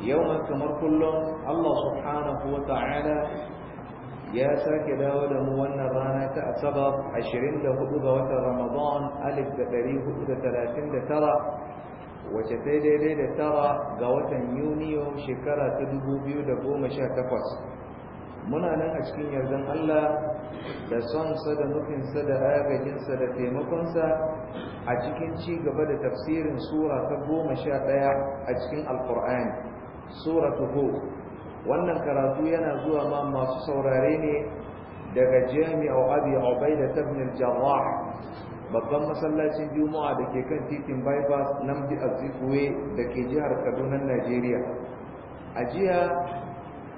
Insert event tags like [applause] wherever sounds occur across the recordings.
yau kamar kullum Allah subhanahu wa ta'ala ya sake dawo da mu wannan rana ta asabar 24 ga watan ramadan 1439 wace ta daidai da tara ga watan yuniyo shekara ta 2018 muna nan a cikin yardan Allah da sonsa da nufinsa da agajinsa da taimakonsa a cikin ci gaba da tafsirin sura ta goma sha ɗaya a cikin alkur'ani sura ta wannan karatu yana zuwa ma masu saurare ne daga jami'a abi ubaida ibn al-jarrah babban masallacin juma'a da ke kan titin bypass namdi azikwe da ke jihar kaduna najeriya a jiya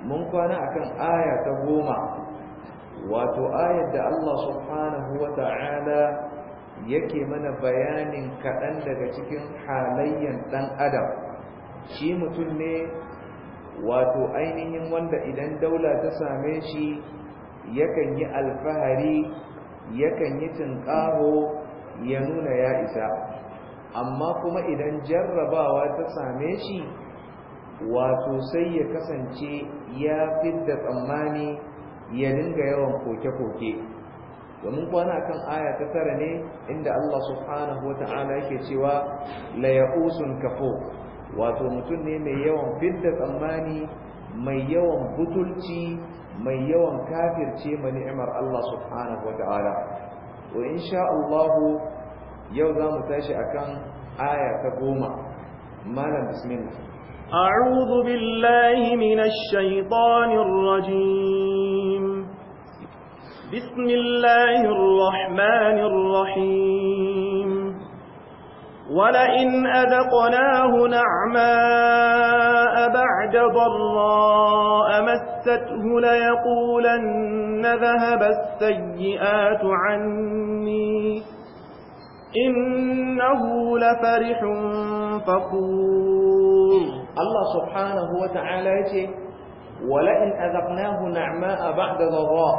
mun kwana akan aya ta goma wato ayar da Allah subhanahu wa ta'ala yake mana bayanin kaɗan daga cikin halayyan ɗan adam shi mutum ne wato ainihin wanda idan daula ta same shi yakan yi alfahari yakan yi tunƙaho ya nuna ya isa amma kuma idan jarrabawa ta same shi wato sai ya kasance ya fidda tsammani ya dinga yawan koke-koke domin kwana kan aya ta tara ne inda Allah subhanahu wa ta'ala yake cewa la kafo wato mutum ne mai yawan fidda tsammani mai yawan butulci mai yawan kafirce ma ni'imar Allah subhanahu wa ta'ala wa insha yau za mu tashi akan aya ta goma malam bismillah أعوذ بالله من الشيطان الرجيم بسم الله الرحمن الرحيم ولئن أذقناه نعماء بعد ضراء مسته ليقولن ذهب السيئات عني إنه لفرح فخور Allah subhanahu wa ta'ala yace wala in azaqnahu na'ma'a ba'da dharra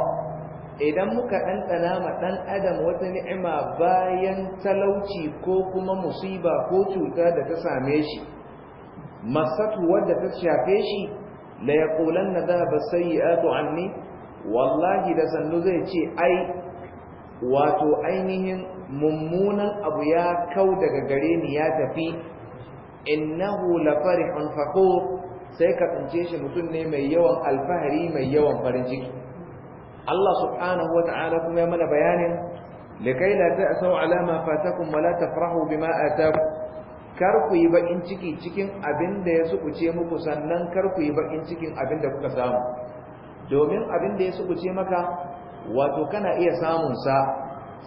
idan muka ɗanɗana ma ɗan adam wata ni'ima bayan talauci ko kuma musiba ko cuta da ta same shi masatu wadda ta shafe shi la yaqulanna dhahaba sayyi'atu anni wallahi da sannu zai ce ai wato ainihin mummunan abu ya kau daga gare ni ya tafi innahu lafarihun fakhur sai ka tsince shi mutum ne mai yawan alfahari mai yawan farin ciki Allah subhanahu wata'ala kuma ya mana bayanin likai la ta'sau ala ma fatakum wa la tafrahu bima atakum kar ku yi bakin ciki cikin abin da ya subuce muku sannan kar ku yi bakin cikin abin da kuka samu domin abin da ya sukuce maka wato kana iya samun sa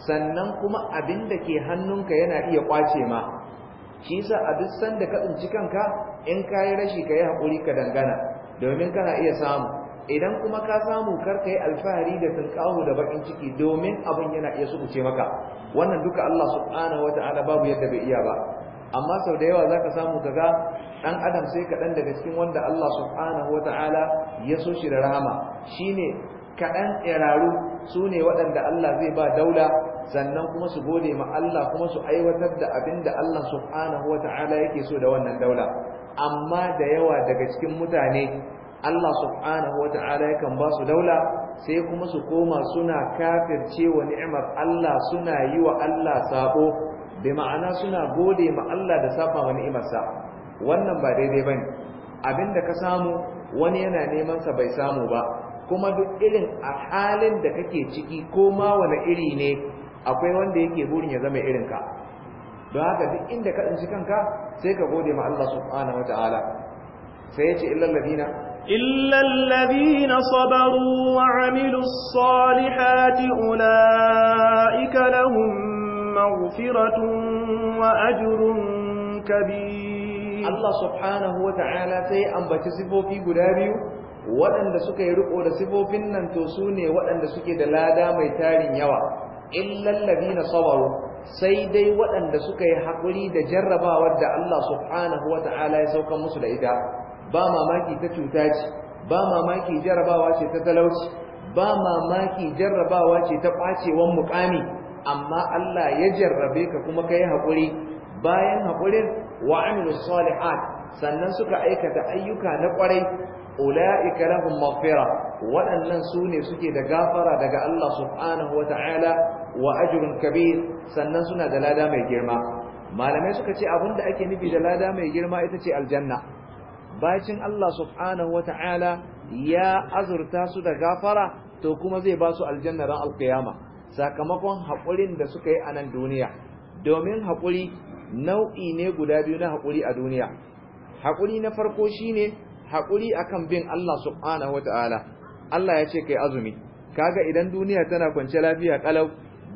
sannan kuma abin da ke hannunka yana iya kwace ma shi yasa a duk sanda ka tsinci kanka in kayi rashi ka yi haƙuri ka dangana domin kana iya samu idan kuma ka samu kar ka yi alfahari da tunƙaho da bakin ciki domin abin yana iya sukuce maka wannan duka Allah subhanahu wata'ala babu yadda bai iya ba amma sau da yawa zaka samu kaga ɗan adam sai kaɗan daga cikin wanda Allah subhanahu wata'ala ya so shi da rahama shine kaɗan tsiraru su ne waɗanda Allah zai ba daula sannan kuma su gode ma Allah kuma su aiwatar da abin da Allah subhanahu Ta'ala yake so da wannan daula amma da yawa daga cikin mutane Allah subhanahu ta'ala yakan ba su daula sai kuma su koma suna kafirce wa ni'imar Allah suna yi wa Allah sabo bi ma'ana suna gode ma Allah da saba wa ni'imarsa wannan ba daidai bane da ka samu wani yana neman sa bai samu ba kuma duk irin a halin da kake ciki ko ma wani iri ne akwai wanda yake burin ya zama irin ka don haka duk inda ka tsinci kanka sai ka gode ma Allah subhanahu wataala sai yace illal ladina illal ladina sabaru wa amilus salihati ulaika lahum maghfiratun wa ajrun kabir Allah subhanahu wataala sai ambaci sifofi guda biyu waɗanda suka yi riko da sifofin nan to su ne waɗanda suke da lada mai tarin yawa lallabi na sabaru sai dai waɗanda suka yi haƙuri da jarrabawar da Allah subhanahu wata'ala ya sauka musu da ita ba mamaki ta cuta ce ba mamaki jarrabawa ce ta talauci ba mamaki jarrabawa ce ta ɓacewan muƙami. amma Allah ya jarrabe ka kuma yi haƙuri bayan haƙurin wa amilu salihat sannan suka aikata ayyuka na ƙwarai ula'ika lahum maghfira waɗannan su ne suke da gafara daga Allah subhanahu wa ta'ala wa ajrun kabir sannan suna da lada mai girma malamai suka ce da ake nufi da lada mai girma ita ce aljanna bacin Allah subhanahu wata'ala ya azurta su da gafara to kuma zai ba su aljanna ran alkiyama sakamakon haƙurin da suka yi a nan duniya domin haƙuri nau'i ne guda biyu na haƙuri a duniya haƙuri na farko shine haƙuri akan bin Allah subhanahu wata'ala Allah ya ce kai azumi kaga idan duniya tana kwance lafiya kalau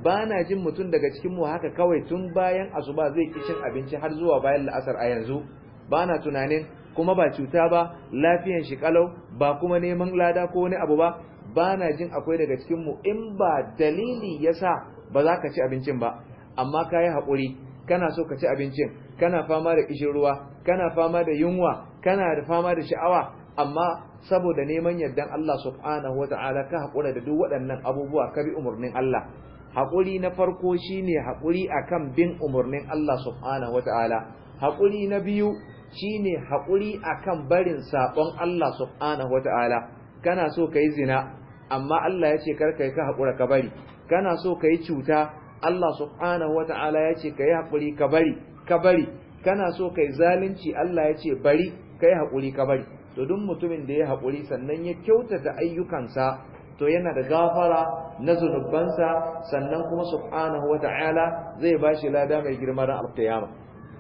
ba na jin mutum daga cikin mu haka kawai tun bayan asuba zai ki cin abinci har zuwa bayan la'asar a yanzu ba na tunanin kuma ba cuta ba lafiyan shi kalau ba kuma neman lada ko wani abu ba ba na jin akwai daga cikin mu in ba dalili ya sa ba za ka ci abincin ba amma ka yi haƙuri kana so ka ci abincin kana fama da kishin ruwa kana fama da yunwa kana da fama da sha'awa amma saboda neman yardan Allah subhanahu wa ta'ala ka haƙura da duk waɗannan abubuwa ka bi umarnin Allah haƙuri na farko shine haƙuri akan bin umarnin Allah subhanahu wataala haƙuri na biyu shine haƙuri akan barin sabon Allah subhanahu wataala kana so kai zina amma Allah ya ce karka yi ka haƙura ka bari kana so ka yi cuta Allah subhanahu yace ya ce ka yi haƙuri ka bari ka bari kana so ka yi zalunci Allah ya ce bari ka yi haƙuri ka bari to duk mutumin da ya haƙuri sannan ya kyautata ayyukansa to yana da gafara na zunubansa sannan kuma subhanahu wa ta'ala zai bashi lada mai girma ran alkiyama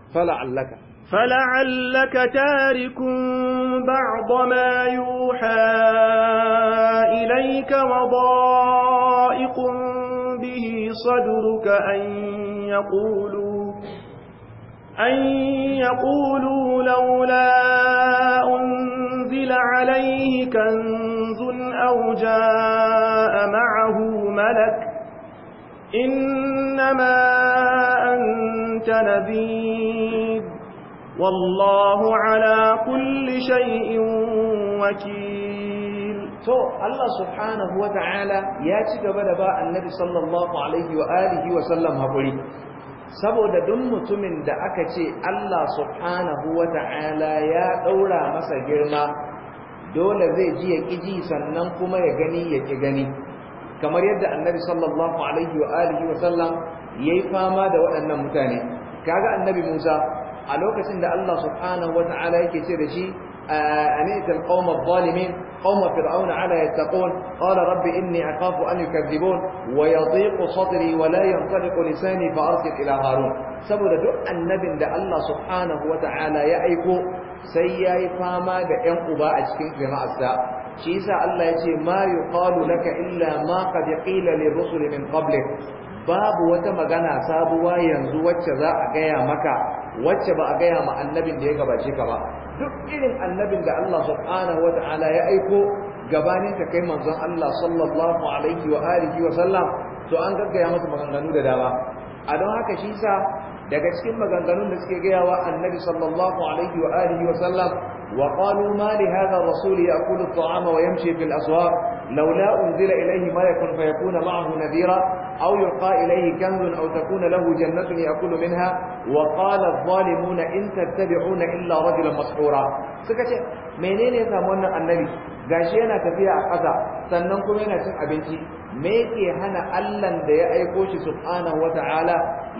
fala'allaka fala'allaka tarikun ba'd ma yuha ilayka wa da'iqun bihi sadruka an yaqulu an yaqulu أُنْزِلَ عَلَيْهِ كَنْزٌ أَوْ جَاءَ مَعَهُ مَلَكٌ إِنَّمَا أَنْتَ نَذِيرٌ وَاللَّهُ عَلَى كُلِّ شَيْءٍ وَكِيلٌ تو الله سبحانه وتعالى ياتي قبل باء النبي صلى الله عليه وآله وسلم هبري saboda duk mutumin da aka ce Allah subhanahu wa ta'ala ya ɗaura masa girma dole zai ji ya kiji sannan kuma ya gani ya ƙi gani kamar yadda annabi sallallahu alaihi wa alihi wa sallam ya fama da waɗannan mutane kaga annabi musa a lokacin da Allah subhanahu wa ta'ala yake ce da shi a ne adh-dhalimin قوم فرعون على يتقون قال رب إني أخاف أن يكذبون ويضيق صدري ولا ينطلق لساني فأرسل إلى هارون saboda duk annabin da Allah subhanahu wa ta'ala ya aiko sai ya yi fama da ‘yan uba a cikin jama'arsa shi yasa Allah ya ce ma yuqalu laka illa ma qad qila lirrusuli min qablik babu wata magana sabuwa yanzu wacce za a gaya maka wacce ba a gaya ma annabin da ya gabace ka ba duk irin annabin da Allah subhanahu wata'ala ya aiko gabanin ta kai manzon Allah sallallahu alaihi wa alihi wa sallam to an gaggaya masa maganganu da dama a don haka shi sa daga cikin maganganun da suke gaya wa annabi sallallahu alaihi wa alihi wa sallam wa qalu ma li hadha rasul ya'kulu at-ta'ama wa yamshi fil aswaq laula unzila ilayhi ma fayakuna ma'ahu nadira أو يلقى إليه كنز أو تكون له جنة يأكل منها وقال الظالمون إن تتبعون إلا رجلا مسحورا سكتي منين يسامون النبي gashi yana tafiya a ƙasa sannan kuma yana cin abinci me ke hana Allahn da ya aiko shi subhanahu Ta'ala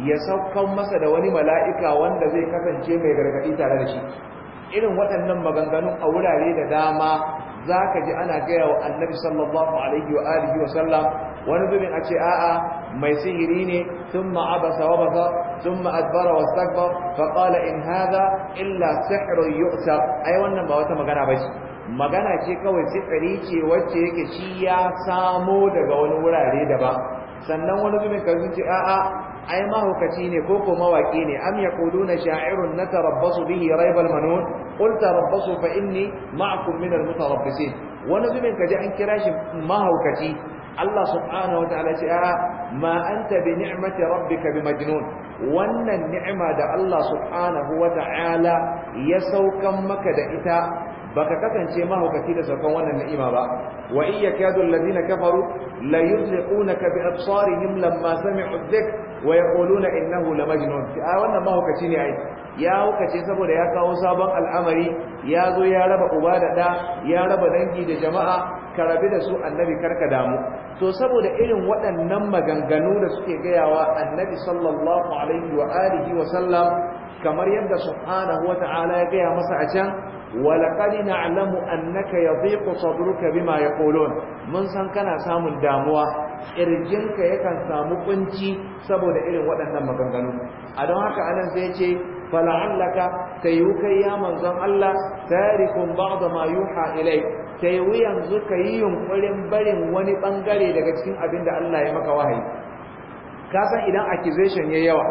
ya saukan masa da wani mala'ika wanda zai kasance mai gargadi tare da shi irin waɗannan maganganu a wurare da dama za ka ji ana gaya wa annabi sallallahu alaihi wa alihi wa sallam wani zubin a ce a'a mai sihiri ne sun abasa wa basa thumma wa stakbar fa in hadha illa sihrun yu'ta ai wannan ba wata magana bace magana ce kawai sihiri ce wacce yake shi ya samo daga wani wurare da ba sannan wani zubin ka zuci a'a ai mahaukaci ne ko ko mawaki ne am yaquluna sha'irun natarabbasu bihi raibal manun qul tarabbasu fa inni ma'akum min al-mutarabbisin wani zubin ka ji an kira shi mahaukaci Allah subhanahu wa ta'ala ce ah, ma anta bi ni'mati rabbika bi majnun wannan ni'ima da Allah subhanahu wa ta'ala ya saukan maka da ita baka kasance mahaukaci da saukan wannan ni'ima ba wa in yakadu alladhina kafaru la yuzliqunaka bi absarihim lamma sami'u dhikr wa yaquluna innahu la majnun a ah, wannan mahaukaci ne ai ya haukace saboda ya kawo sabon al'amari ya zo ya raba uba da da ya raba dangi da jama'a ka rabi da su annabi karka damu to saboda irin waɗannan maganganu da suke gayawa annabi sallallahu alaihi wa alihi wa sallam kamar yadda subhanahu wa ta'ala ya gaya masa a can wa laqad na'lamu annaka yadhiqu sadruka bima yaqulun mun san kana samun damuwa kirjinka yakan samu kunci saboda irin waɗannan maganganu a don haka anan sai ya ce fala'allaka tayu kai ya manzon Allah tarikun ba'da ma yuha ilai tayu yanzu yi yunkurin barin wani bangare daga cikin abin da Allah ya maka wahayi ka san idan accusation yayi yawa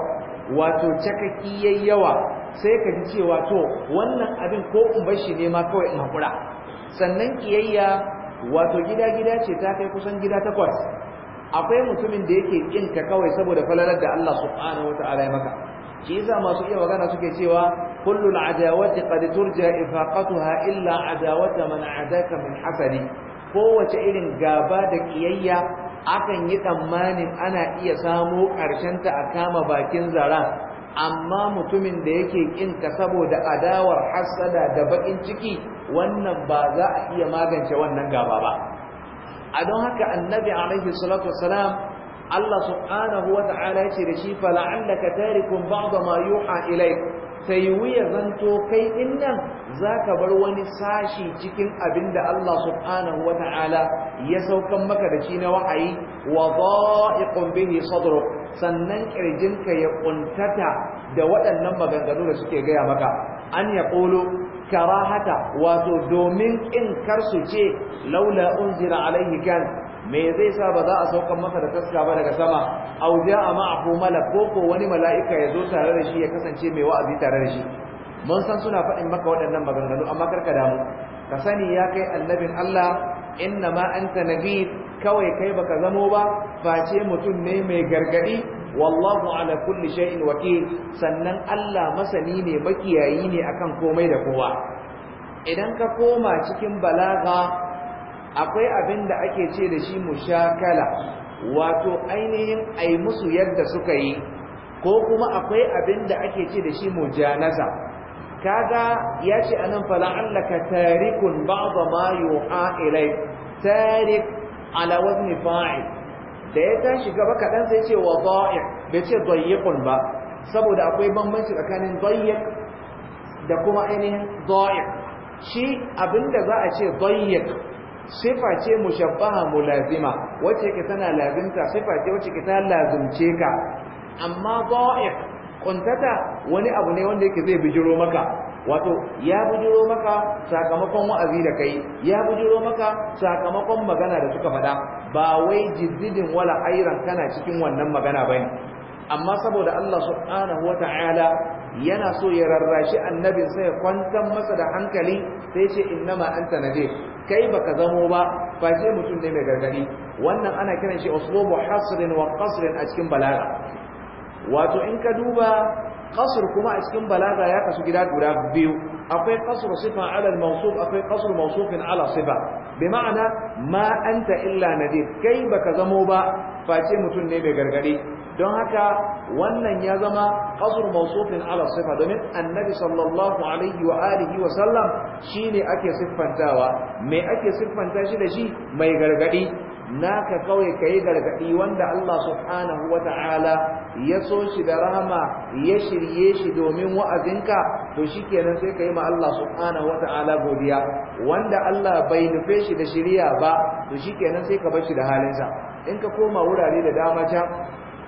wato cakaki yayi yawa sai ka ji cewa to wannan abin ko in bar shi ne ma kawai in hakura sannan kiyayya wato gida-gida ce ta kai kusan gida takwas akwai mutumin da yake kinka kawai saboda falalar da Allah subhanahu wata'ala ya maka shi yasa masu iya magana suke cewa kullu adawati qad turja ifaqatuha illa adawata man adaka min hasadi kowace irin gaba da kiyayya akan yi tsammanin ana iya samo ƙarshen ta a kama bakin zara amma mutumin da yake kin ka saboda adawar hasada da bakin ciki wannan ba za a iya magance wannan gaba ba a don haka annabi alaihi salatu wasalam Allah subhanahu wa ta'ala yace da shi fala'allaka tarikum ba'd ma yuha ilayk sai wuya zanto kai nan zaka bar wani sashi cikin abinda Allah subhanahu wa ta'ala ya saukan maka da shi na wa'ayi wa dha'iqun bihi sadruk sannan kirjinka ya kuntata da waɗannan maganganu da suke gaya maka an ya yaqulu karahata wato domin in su ce laula unzira alaihi kan me zai sa ba za a saukan masa da taska ba daga sama aw ja'a ma'ahu malak ko ko wani mala'ika ya zo tare da shi ya kasance mai wa'azi tare da shi mun san suna faɗin maka waɗannan maganganu amma karka damu ka sani ya kai annabin Allah inna ma anta nabi kawai kai baka zamo ba face mutum ne mai gargadi wallahu ala kulli shay'in wakil sannan Allah masani ne makiyayi ne akan komai da kowa idan ka koma cikin balaga akwai abin da ake ce da shi mushakala wato ainihin ai musu yadda suka yi ko kuma akwai abin da ake ce da shi mujanaza kaga ya ce anan fa la'allaka tarikun ba'da ma yu'a ilai tarik ala wazni da ya tashi gaba kaɗan sai ce wa da'i bai ce dayyiqun ba saboda akwai bambanci tsakanin dayyiq da kuma ainihin da'i shi abinda za a ce dayyiq sifa ce mushabbaha mulazima wacce ke tana lazimta sifa ce wacce ke ta lazimce ka amma dha'iq kuntata wani abu ne wanda yake zai bijiro maka wato ya bijiro maka sakamakon wa'azi da kai ya bijiro maka sakamakon magana da suka faɗa ba wai jiddidin wala ayran kana cikin wannan magana bane amma saboda Allah subhanahu wata'ala yana so ya rarrashi annabin sai ya kwantar masa da hankali sai ce innama anta nadir kai baka zamo ba face mutum ne mai gargadi wannan ana kiran shi uslubu hasrin wa qasrin a cikin balaga wato in ka duba qasr kuma a cikin balaga ya kasu gida guda biyu akwai qasru sifa ala al-mawsuf akwai qasru mawsufin ala sifa bi ma'ana ma anta illa nadir kai baka zamo ba face mutum ne mai gargadi don haka wannan ya zama ƙasar mausufin ala sifa domin annabi sallallahu alaihi wa alihi wa sallam shine ake siffantawa me ake siffanta shi da shi mai gargadi naka kawai ka yi gargadi wanda Allah subhanahu wa ta'ala ya so shi da rahama ya shirye shi domin wa'azinka to shikenan sai ka yi ma Allah subhanahu wa ta'ala godiya wanda Allah bai nufe shi da shirya ba to shi kenan sai ka bar shi da halinsa in ka koma wurare da dama can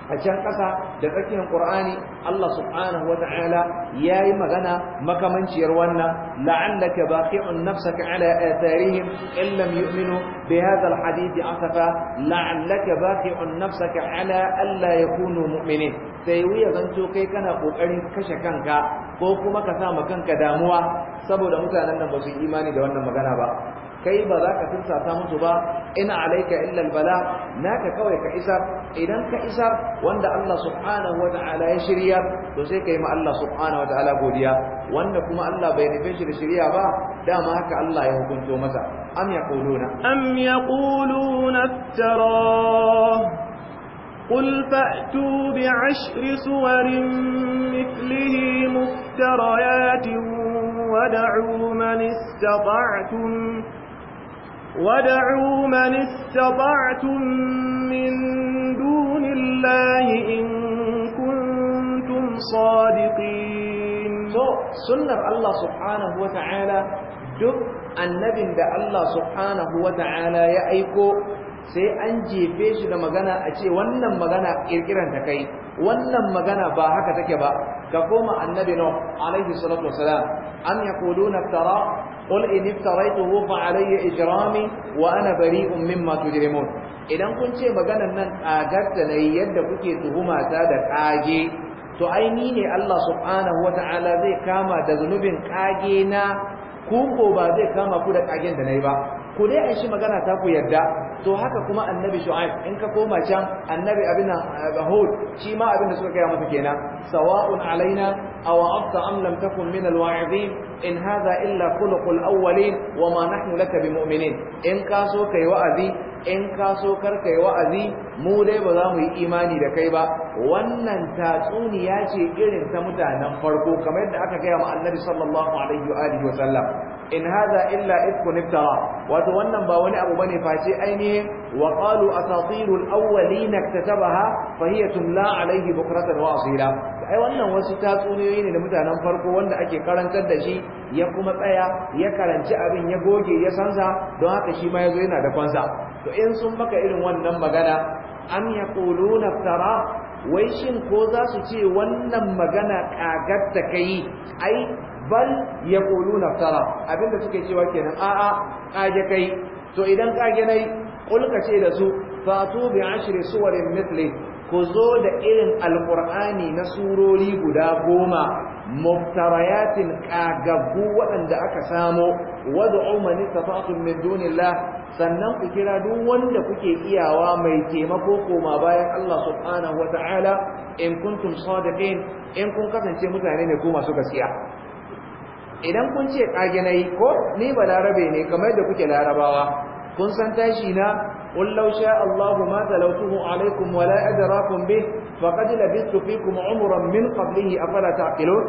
a can ƙasa da tsakiyar Qur'ani Allah subhanahu wa ta'ala yayi magana makamanciyar wannan la'allaka baqi'un nafsaka ala atharihim in lam yu'minu bi hadha alhadith asafa la'allaka baqi'un nafsaka ala alla yakunu mu'minin sai wuya zanto kai kana kokarin kashe kanka ko kuma ka sa kanka damuwa saboda mutanen nan ba su imani da wannan magana ba kai ba za ka tirsasa mutu ba ina alaika illa albala naka kawai ka isa idan ka isa wanda Allah subhanahu wa ta'ala ya shirya to sai kai ma Allah subhanahu wa ta'ala godiya wanda kuma Allah bai nufe shi da shirya ba dama haka Allah ya hukunto masa am yaquluna am yaquluna tara قل فأتوا بعشر سور مثله مفتريات ودعوا من استطعتم وادعوا من استطعتم من دون الله إن كنتم صادقين so, سنة الله سبحانه وتعالى duk annabin da Allah subhanahu wa ta'ala ya aiko sai an jefe shi da magana a ce wannan magana kirkiran ta kai wannan magana ba haka take ba ka koma annabi no alaihi salatu wasalam am yaquluna tara qul in iftaraytuhu fa alayya ijrami wa'ana ana bari'un idan kun ce maganar nan tsagar da nayi yadda kuke tuhuma ta da kage to ai ni ne Allah subhanahu ta'ala zai kama da zunubin kage na ku ko ba zai kama ku da kagen da nayi ba ku dai an shi magana ta ku yadda to haka kuma annabi shu'aib in ka koma can annabi abin hud shi ma abin da suka kai masa kenan sawa'un alaina أو أبت أم لم تكن من الواعظين إن هذا إلا خلق الأولين وما نحن لك بمؤمنين إن كاسو كي وأذي إن كاسو كر كي وأذي مولي da إيماني لكيبا wannan tatsuniya ce irin ta mutanen farko kamar yadda aka gaya wa annabi sallallahu alaihi wa sallam in hadha illa ifkun iftara wato wannan ba wani abu bane face ainihin wa qalu asatirul awwalin iktatabaha tumla alaihi bukratan wa ai wannan wasu tatsuniyoyi ne da mutanen farko wanda ake karantar da shi ya kuma tsaya ya karanci abin ya goge ya sansa don haka shi ma zo yana da kwansa. to in sun baka irin wannan magana an ya kulu tara wai shin ko za su ce wannan magana kagar da kai ai bal naftara. Abin da suke cewa kenan a'a kage kai to idan kage nai kulka ce da su fatu bi ashri suwarin mithli ku zo da irin alkur'ani na surori guda goma muftarayatin kagaggu waɗanda aka samo wadda umarni tafatun min dunillah sannan ku kira duk wanda kuke iyawa mai taimako koma bayan Allah subhanahu wa ta'ala in kuntum sadiqin in kun kasance mutane ne ko masu gaskiya idan kun ce kage nayi ko ni ba larabe ne kamar da kuke larabawa kun san tashi na قل لو شاء الله ما تلوته عليكم ولا أدراكم به فقد لبثت فيكم عمرا من قبله أفلا تعقلون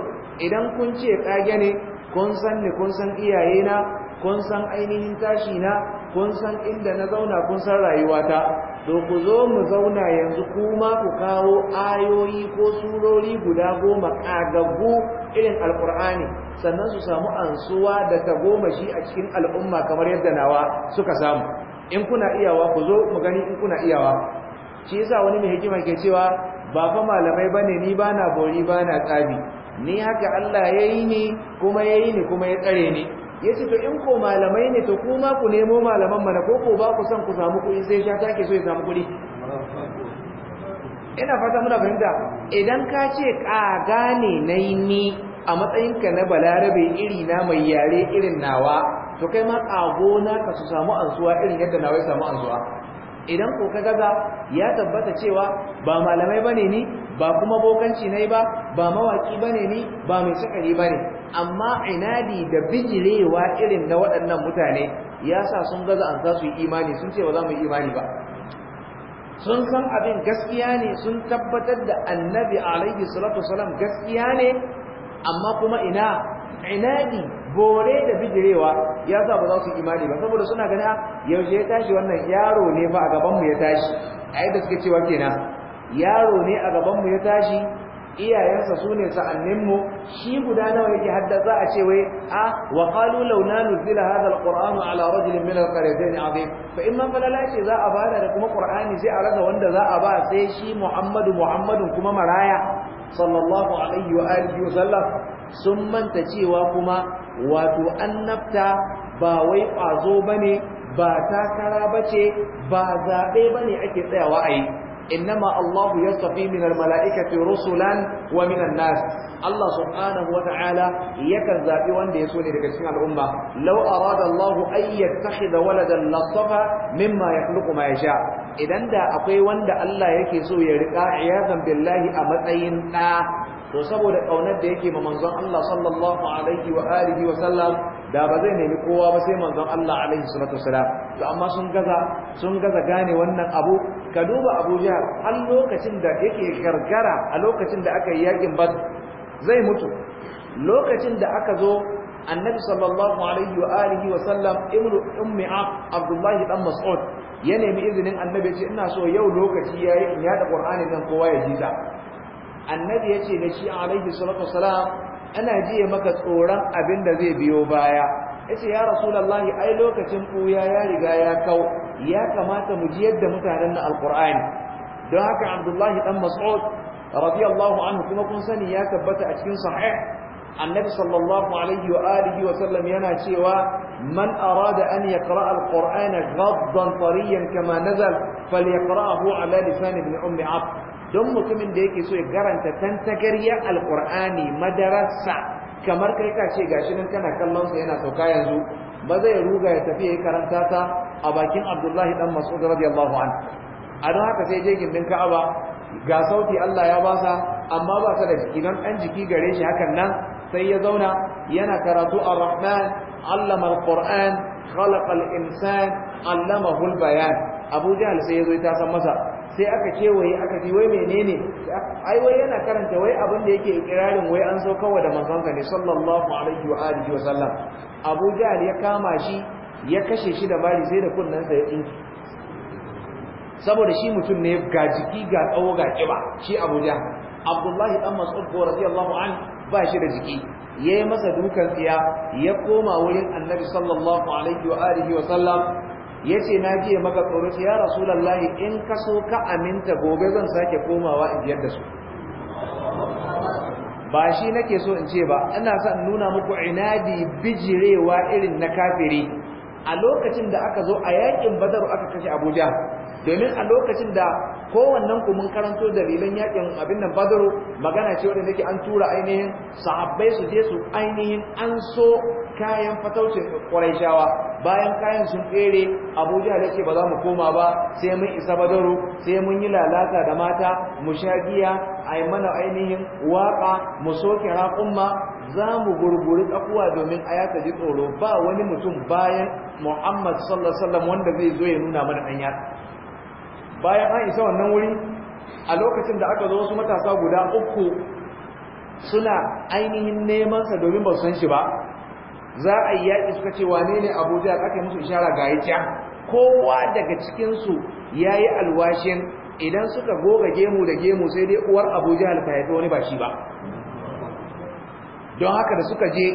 idan kun ce kage ne kun san ni kun san iyayena kun san ainihin tashi na, kun san inda na zauna kun san rayuwata to ku zo mu zauna yanzu kuma ku kawo ayoyi ko surori guda goma kagaggu irin alkur'ani sannan su samu ansuwa da ta tagomashi a cikin al'umma kamar yadda nawa suka samu in kuna iyawa ku zo mu gani in kuna iyawa shi yasa wani mai hikima ke cewa ba fa malamai bane ni bana bori bana tsabi ni haka Allah yayi ni kuma yayi ni kuma ya tsare ni yace to in ko malamai ne to kuma ku nemo malaman mana ko ko ba ku san ku samu kuɗi sai sha take so ya samu kuɗi ina fata muna fahimta idan ka ce ka gane nayi ni a matsayinka na balarabe iri na mai yare irin nawa to kai ma kago ka su samu ansuwa irin yadda na nawai samu ansuwa idan ko ka gaza ya tabbata cewa ba malamai bane ni ba kuma bokanci nayi ba ba mawaki bane ni ba mai sakari bane amma inadi da bijirewa irin na waɗannan mutane ya sa sun gaza an za su yi imani sun ce ba za mu yi imani ba sun san abin gaskiya ne sun tabbatar da annabi alaihi salatu wasalam gaskiya ne amma kuma ina inadi bore da bijirewa ya sa ba za su imani ba saboda suna gani yaushe ya tashi wannan yaro ne ba a gabanmu ya tashi ai da suke cewa kenan yaro ne a gabanmu ya tashi iyayensa su ne sa'annin mu shi guda nawa yake hadda za a ce wai a wa qalu law la nuzila hadha alqur'anu ala rajulin min alqaryatayn azim fa in man ce za a bada da kuma qur'ani sai a rasa wanda za a ba sai shi muhammadu muhammadun kuma maraya sallallahu alaihi wa alihi wa sallam sun manta cewa kuma wato annabta ba wai ƙwazo ba ba takara ba ce ba zaɓe bane ake tsayawa a yi innama allahu ya safi minar mala’ikatu rusulan wa minan nas Allah subhanahu wa ta’ala yakan zaɓi wanda ya so ne daga cikin al’umma, lau a rada Allah ai ya tashi da waladar lasofa mimma ya fi kuma ya sha, idan da akwai wanda Allah yake so ya riƙa a billahi a matsayin ɗa to saboda kaunar da yake ma manzon Allah sallallahu alaihi wa alihi wa sallam da ba zai nemi kowa ba sai manzon Allah alaihi salatu wasalam to amma sun gaza sun gaza gane wannan abu ka duba Abu Jahal har lokacin da yake gargara a lokacin da aka yi yakin Badr zai mutu lokacin da aka zo annabi sallallahu alaihi wa alihi wa sallam ibnu ummi abdullah dan mas'ud ya nemi izinin annabi ce ina so yau lokaci yayi in yada qur'ani dan kowa ya jiza annabi ya ce da shi alaihi salatu wasalam ana jiye maka tsoron abin da zai biyo baya ya ce ya rasulallahi ai lokacin ɓuya ya riga ya kau ya kamata mu ji yadda mutanen na alƙur'ani don haka abdullahi ɗan mas'ud radiyallahu anhu kuma kun sani ya tabbata a cikin sahih annabi sallallahu alaihi wa alihi wa sallam yana cewa man arada an yaqra alqur'ana ghaddan tariyan kama nazal falyaqrahu ala lisan ibn ummi abd don mutumin da yake so ya garanta tantagariyar alkur'ani madararsa kamar kai ka ce gashi nan kana kallon sa yana sauka yanzu ba zai ruga ya tafi yayi karanta ta a bakin Abdullahi dan Mas'ud radiyallahu anhu a don haka sai je gindin Ka'aba ga sauti Allah ya basa amma ba sa da jiki don dan jiki gare shi hakan nan sai ya zauna yana karatu Ar-Rahman allama al-Qur'an khalaqa al-insan allamahu al-bayan Abu Jahl sai ya zo ya tasan masa sai aka ce wai aka ji wai menene ai wai yana karanta wai abin da yake ikirarin wai an so kawai da manzonsa ne sallallahu alaihi wa alihi wa sallam Abu Jahl ya kama shi ya kashe shi da bari sai da sa ya tsinki saboda shi mutum ne ga jiki ga tsawo ga kiba shi Abu Jahl Abdullahi dan Mas'ud ko radiyallahu anhu ba shi da jiki yayi masa dukan tsiya ya koma wurin Annabi sallallahu alaihi wa alihi wa sallam ya ce na biye maka tsoro ya rasu rasulallahi in ka so ka aminta gobe zan sake komawa in biyar da su ba shi nake so in ce ba ina son nuna muku inadi bijirewa irin na kafiri a lokacin da aka zo a yakin badaru aka kashe abuja domin a lokacin da Ko wannan ku mun karanto dalilan yakin abin nan badaru magana ce wanda yake an tura ainihin sahabbai su je su ainihin an so kayan fataucin Qurayshawa bayan kayan sun kere, abuja da ce ba za mu koma ba sai mun isa badaru sai mun yi lalata da mata mu sha giya a mana ainihin waƙa mu soke raƙumma za mu gurguri tsakuwa domin a ya ji tsoro ba wani mutum bayan Muhammad sallallahu alaihi wasallam wanda zai zo ya nuna mana ɗan bayan an isa wannan wuri a lokacin da aka zo wasu matasa guda uku suna ainihin nemansa domin ba san shi ba za a yi yaƙi suka ce wane ne abuja aka musu ishara ga yi can kowa daga cikinsu ya yi alwashin idan suka goga gemu da gemu sai dai uwar abuja ta haifi wani ba shi ba don haka da suka je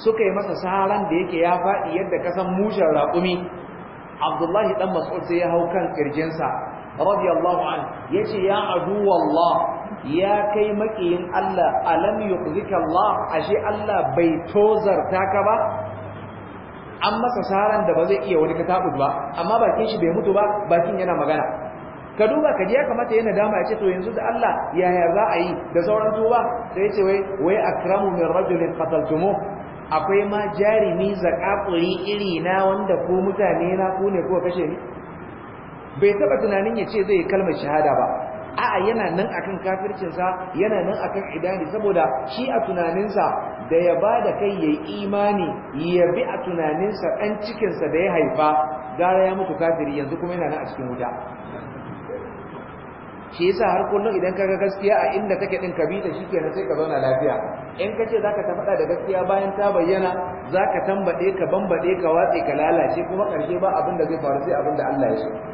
suka yi masa saharan da yake ya faɗi yadda kasan mushen raƙumi abdullahi ɗan masu sai ya hau kan ƙirjinsa radiyallahu anhu yace ya aduwallah ya kai makiyin Allah alam yuqzika Allah ashe Allah bai tozarta ka ba an masa saran da ba zai iya wani katabud ba amma bakin shi bai mutu ba bakin yana magana ka duba ka ji ya kamata yana dama ya ce to yanzu da Allah yaya za a yi da sauran tuba sai ya ce wai wai akramu min rajulin qataltumu akwai ma jarimi zakakuri iri na wanda ko mutane na ku ne ko kashe ni bai taba tunanin ya ce zai kalmar shahada ba a'a yana nan akan kafircinsa yana nan akan idani saboda shi a tunaninsa da ya ba da kai ya yi imani ya bi a tunaninsa ɗan cikinsa da ya haifa gara ya mutu kafiri yanzu kuma yana nan a cikin wuta shi yasa har kullum idan ka ga gaskiya a inda kake din kabita shikenan sai ka zauna lafiya in ka ce zaka ta faɗa da gaskiya bayan ta bayyana zaka tambade ka bambade ka watse ka lalace kuma karshe ba abin da zai faru sai abin da Allah ya so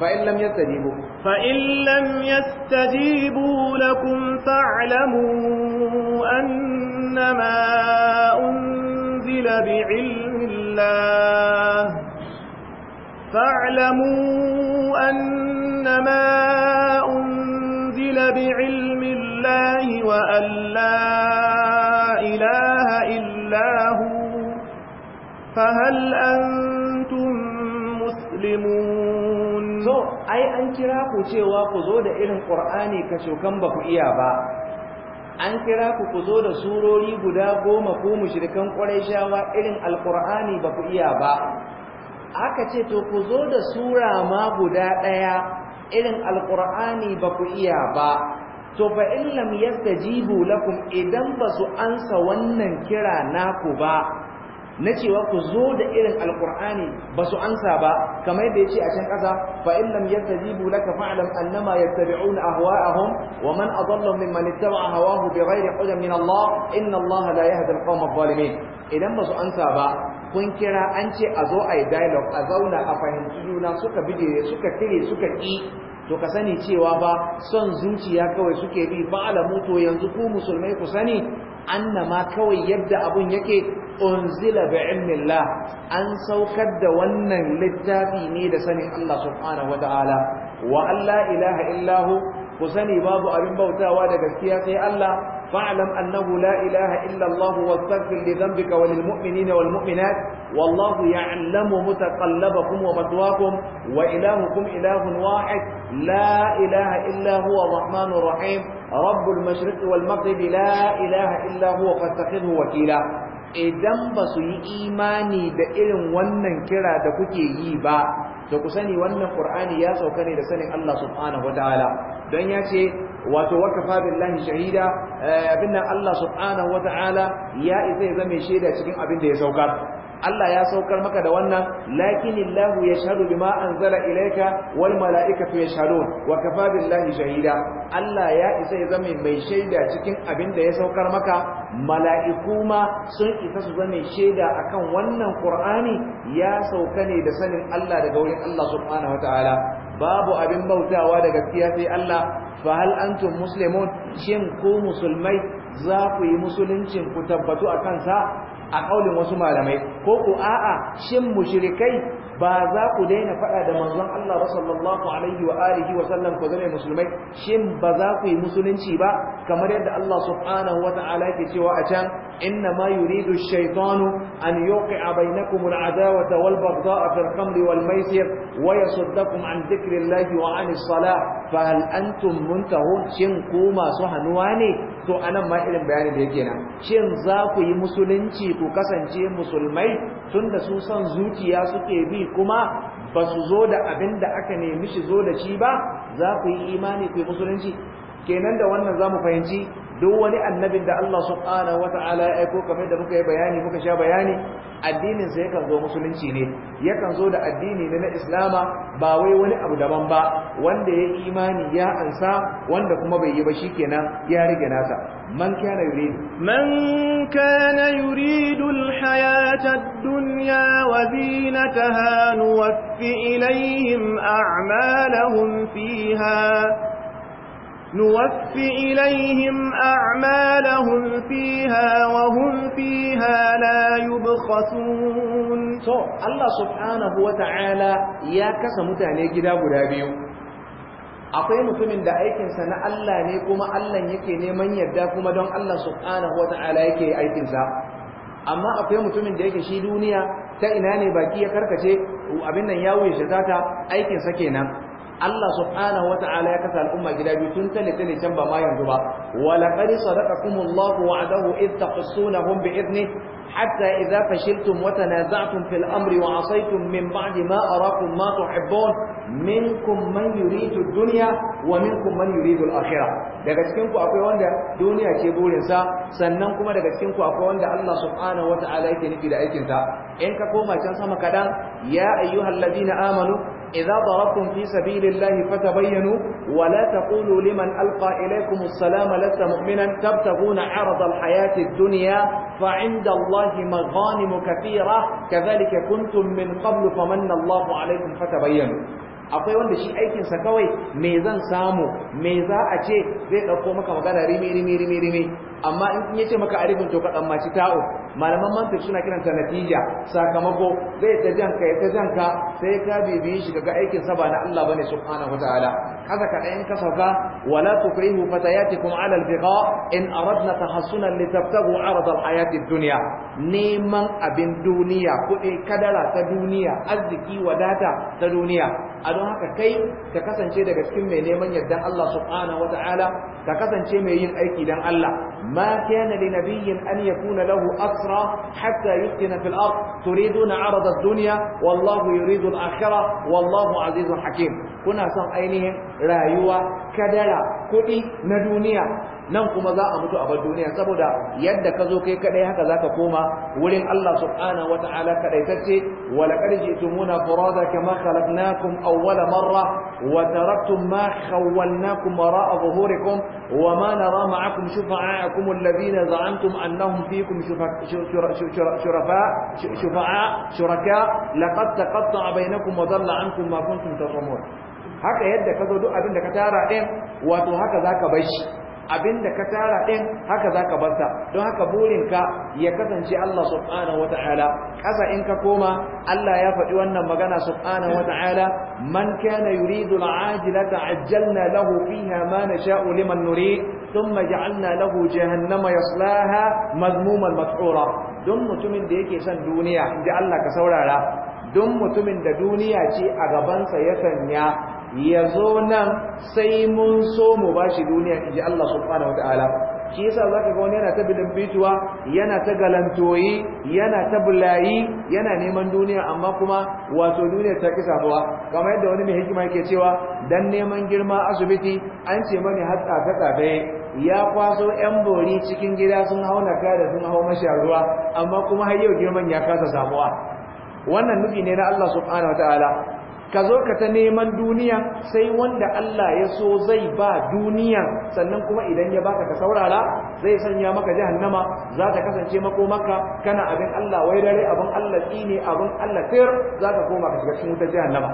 فإن لم يستجيبوا فإن لم يستجيبوا لكم فاعلموا أنما أنزل بعلم الله فاعلموا أنما أنزل بعلم الله وأن لا إله إلا هو فهل أنتم مسلمون zo ai an kira ku cewa ku zo da irin qur'ani kacokan ba ku iya ba an kira ku ku zo da surori guda goma ko mushrikan quraishawa irin alqur'ani ba ku iya ba aka ce to ku zo da sura ma guda ɗaya irin alqur'ani ba ku iya ba to fa in lam yastajibu lakum idan ba su ansa wannan kira naku ba na cewa ku zo da irin alqur'ani ba su ansa ba kamar yadda ce a can kasa fa in lam yastajibu laka fa'lam annama yattabi'una ahwa'ahum wa man adalla mimman ittaba'a hawahu bighairi hudan min Allah inna Allah la yahdi alqawma adh-dhalimin idan ba su ansa ba kun kira an ce a zo a yi dialogue a zauna a fahimci juna suka bijire suka tire suka ki to ka sani cewa ba son zuciya kawai suke bi ba alamu to yanzu ku musulmai ku sani annama kawai yadda abun yake أنزل بعلم الله أن saukar da wannan littafi ne da sanin Allah subhanahu wataala wa alla ilaha illahu ku sani babu abin bautawa da gaskiya فاعلم أنه لا إله إلا الله واستغفر لذنبك وللمؤمنين والمؤمنات والله يعلم متقلبكم ومثواكم وإلهكم إله واحد لا إله إلا هو الرحمن الرحيم رب المشرق والمغرب لا إله إلا هو فاتخذه وكيلا idan ba su yi imani da irin wannan kira da kuke yi ba da ku sani wannan qur'ani ya sauka ne da sanin Allah subhanahu wataala don ya ce wato wa kafa billahi shahida eh, abin nan Allah subhanahu wataala ya isa ya zame shaida cikin abin da ya saukar Allah ya saukar maka da wannan lakinillahu yashhadu bima anzala ilayka wal malaikatu yashhadun wa kafa billahi shahida Allah ya isa ya zama mai shaida cikin abin da ya saukar maka mala'iku ma sun isa su zama shaida akan wannan Qur'ani ya sauka ne da sanin Allah daga wurin Allah subhanahu wataala babu abin bautawa da gaskiya sai Allah fa hal antum muslimun shin ku musulmai za ku yi musuluncin ku tabbatu akan sa a kaulin wasu malamai ko ku a'a shin mushrikai ba za ku daina faɗa da manzon Allah ba sallallahu alaihi wa alihi wa sallam ku zama musulmai shin ba za ku yi musulunci ba kamar yadda Allah subhanahu wa yake cewa a can إنما يريد الشيطان أن يوقع بينكم العداوة والبغضاء في الخمر والميسر ويصدكم عن ذكر الله وعن الصلاة فهل أنتم منتهون شن كوما سهنواني تو أنا ما إلم بياني بيجينا شن زاكو يمسلنشي كو كسنشي مسلمي تند سوسن زوتي ياسكي بي كما بس زود أبند أكني مش زود شيبا زاكو إيماني كو مسلنشي kenan da wannan zamu fahimci duk wani annabin da Allah subhanahu wata'ala ya aiko kamar da muka yi bayani muka sha bayani addinin sa yakan zo musulunci ne yakan zo da addini ne na islama ba wai wani abu daban ba wanda ya imani ya ansa wanda kuma bai yi ba shikenan ya rige nasa man kana yuridu man kana yuridu alhayata ad-dunya wa zinataha nuwaffi ilayhim a'malahum fiha نوف إليهم أعمالهم فيها وهم فيها لا يبخسون so Allah subhanahu ya kasa mutane gida guda biyu akwai mutumin da aikinsa na Allah ne kuma Allah yake neman yarda kuma don Allah subhanahu wa yake aikinsa amma akwai mutumin da yake shi duniya ta ina ne baki ya karkace abin nan yawo ya shata aikinsa kenan Allah subhanahu wata'ala ya kasa al'umma gida biyu tun tale tale can ba ma yanzu ba wa laqad sadaqakumullahu wa'adahu id taqsunahum bi idni hatta idza fashiltum wa tanaza'tum fil amri wa asaytum min ba'di ma arakum ma tuhibbun minkum man yuridu dunya wa minkum man yuridu al akhirah daga cikin ku akwai wanda duniya ce burin sa sannan kuma daga cikin ku akwai wanda Allah subhanahu wata'ala yake nufi da aikin sa in ka koma can sama kadan ya ayyuhalladhina amanu idza darakum fi sabilillahi fatabayyanu wa la taqulu liman alqa ilaykum assalama lasta mu'minan tabtaguna 'arada alhayati ad-dunya fa 'inda allahi maghanim kathira kadhalika kuntum min qablu famanna allahu alaykum fatabayyanu akwai wanda shi aikinsa kawai me zan samu me za a ce zai ɗauko maka magana rime amma in ya ce maka arifin to kaɗan tsammaci ta'o malaman mantar suna kiranta natija sakamako zai ta janka ya ta janka sai ka bibiyi shi daga aikin sa ba na Allah bane subhanahu ta'ala. haka ka in ka sauka wala tukrihu fatayatikum ala alfiqa in aradna tahassunan litabtagu arad alhayati ad-dunya neman abin duniya kuɗi kadara ta duniya arziki wadata ta duniya a don haka kai ka kasance daga cikin mai neman yardan Allah subhanahu ta'ala, ka kasance mai yin aiki dan Allah ما كان لنبي أن يكون له أسرى حتى يسكن في الأرض تريدون عرض الدنيا والله يريد الآخرة والله عزيز حكيم كنا سن ainihin rayuwa kadara kuɗi nan kuma za a mutu a bar duniya saboda yadda ka zo kai kadai haka zaka koma wurin Allah subhanahu wataala kadai tace wa laqad jitumuna furada kama khalaqnakum awwala marra wa taraktum ma khawwalnakum wara'a zuhurikum wa ma nara ma'akum shufa'akum alladhina za'amtum annahum fikum shufa'a shuraka laqad taqatta'a bainakum wa dhalla 'ankum ma kuntum tazumun haka yadda ka zo duk abin da ka tara din wato haka zaka bar shi abinda ka tara din haka zaka barta. don haka burinka ya kasance Allah subhanahu wataala kasa in ka koma Allah ya faɗi wannan magana subhanahu wataala man kana yuridu al'ajilata ajjalna lahu fiha ma nasha'u liman nuri thumma ja'alna lahu jahannama yaslaha mazmuman mas'ura don mutumin da yake son duniya ji Allah ka saurara don mutumin da duniya ce a gabansa ya sanya ya zo nan sai mun so mu bashi duniya inji Allah subhanahu wataala shi yasa zaka ga wani yana ta bidin bituwa yana ta galantoyi yana ta bulayi yana neman duniya amma kuma wato duniya ta kisa samuwa? kamar yadda wani mai hikima yake cewa dan neman girma asibiti an ce mani har tsafe tsafe ya kwaso yan bori cikin gida sun hau na kaya da sun hau mashi ruwa amma kuma har yau girman ya kasa samuwa wannan nufi ne na Allah subhanahu wataala ka zo ka ta neman duniya sai wanda Allah ya so zai ba duniya sannan kuma idan ya baka ka saurara zai sanya maka jahannama za ta kasance mako maka kana abin Allah wai dare abin Allah tsine abin Allah tsir za ka koma ka shiga cikin wutar jahannama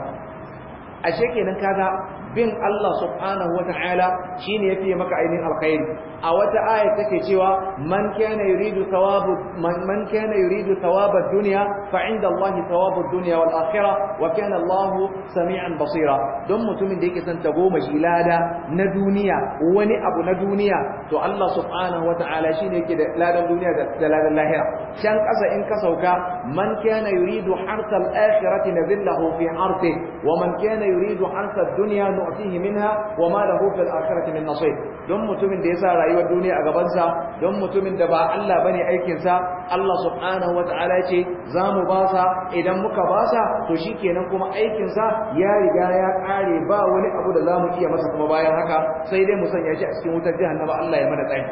ashe kenan kaga bin Allah subhanahu wata'ala shine yafi maka ainihin alkhairi a wata aya take cewa man kana yuridu thawabu man kana yuridu thawaba dunya fa inda Allah thawabu dunya wal akhirah wa kana Allah sami'an basira don mutumin da yake san ta goma shi lada na duniya wani abu na duniya to Allah subhanahu wa ta'ala shine yake da ladan duniya da ladan lahira shan kasa in ka sauka man kana yuridu harsa al-akhirati nadillahu fi hartih wa man kana yuridu harsa ad-dunya nu'tihi minha wa ma lahu fil akhirati min nasib don mutumin da yasa rayuwar duniya a gabansa don mutumin da ba Allah bane aikinsa Allah subhanahu wataala ce za mu ba sa idan muka ba sa to shikenan kuma aikinsa ya riga ya kare ba wani abu da za mu iya masa kuma bayan haka sai dai mu sanya shi a cikin wutar jahannama Allah ya mana tsayi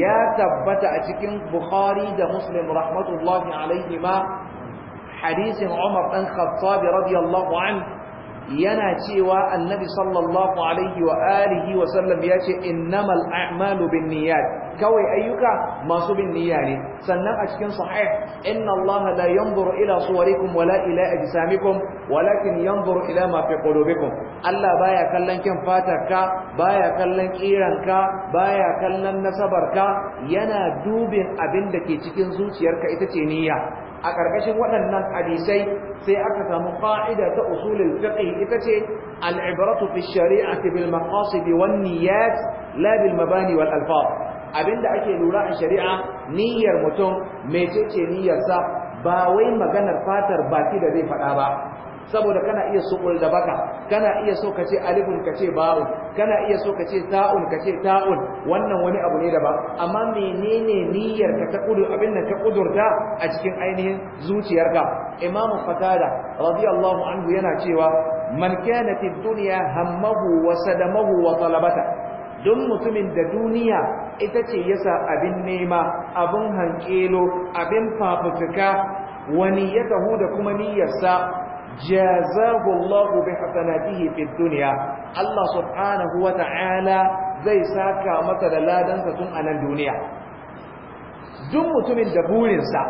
ya tabbata a cikin Bukhari da Muslim rahmatullahi ma hadisin Umar ɗan Khattab radiyallahu anhu yana cewa annabi sallallahu alaihi wa alihi wa sallam ya ce innamal a'malu bin niyyat kawai ayyuka masu bin niyya ne sannan a cikin sahih inna allaha la yanzuru ila suwarikum wala ila ajsamikum walakin yanzuru ila ma fi qulubikum Allah baya kallon kin fatarka baya kallon kiranka baya kallon nasabarka yana dubin abin da ke cikin zuciyarka ita ce niyya a ƙarƙashin waɗannan hadisai sai aka samu fa'ida ta usulin fiqh ita ce al-ibratu fi shari'ati bil maqasid wan niyyat la bil mabani wal abinda ake lura a shari'a niyyar mutum mecece niyyarsa ba wai maganar fatar baki da zai faɗa ba saboda kana iya suƙul da baka kana iya so kace alifun kace ba'u kana iya so kace ta'un kace ta'un wannan wani abu ne daban amma menene niyyar ka ta kudu abin da ka kudurta a cikin ainihin zuciyarka imam fatada radiyallahu anhu yana cewa man kana fi dunya hammahu wa sadamahu wa talabata duk mutumin da duniya ita ce yasa abin nema abin hankelo abin fafutuka ya niyyatahu da kuma niyyarsa jazahu Allah bi hasanatihi fid dunya Allah subhanahu wa ta'ala zai saka masa da ladansa tun a nan duniya duk mutumin da burinsa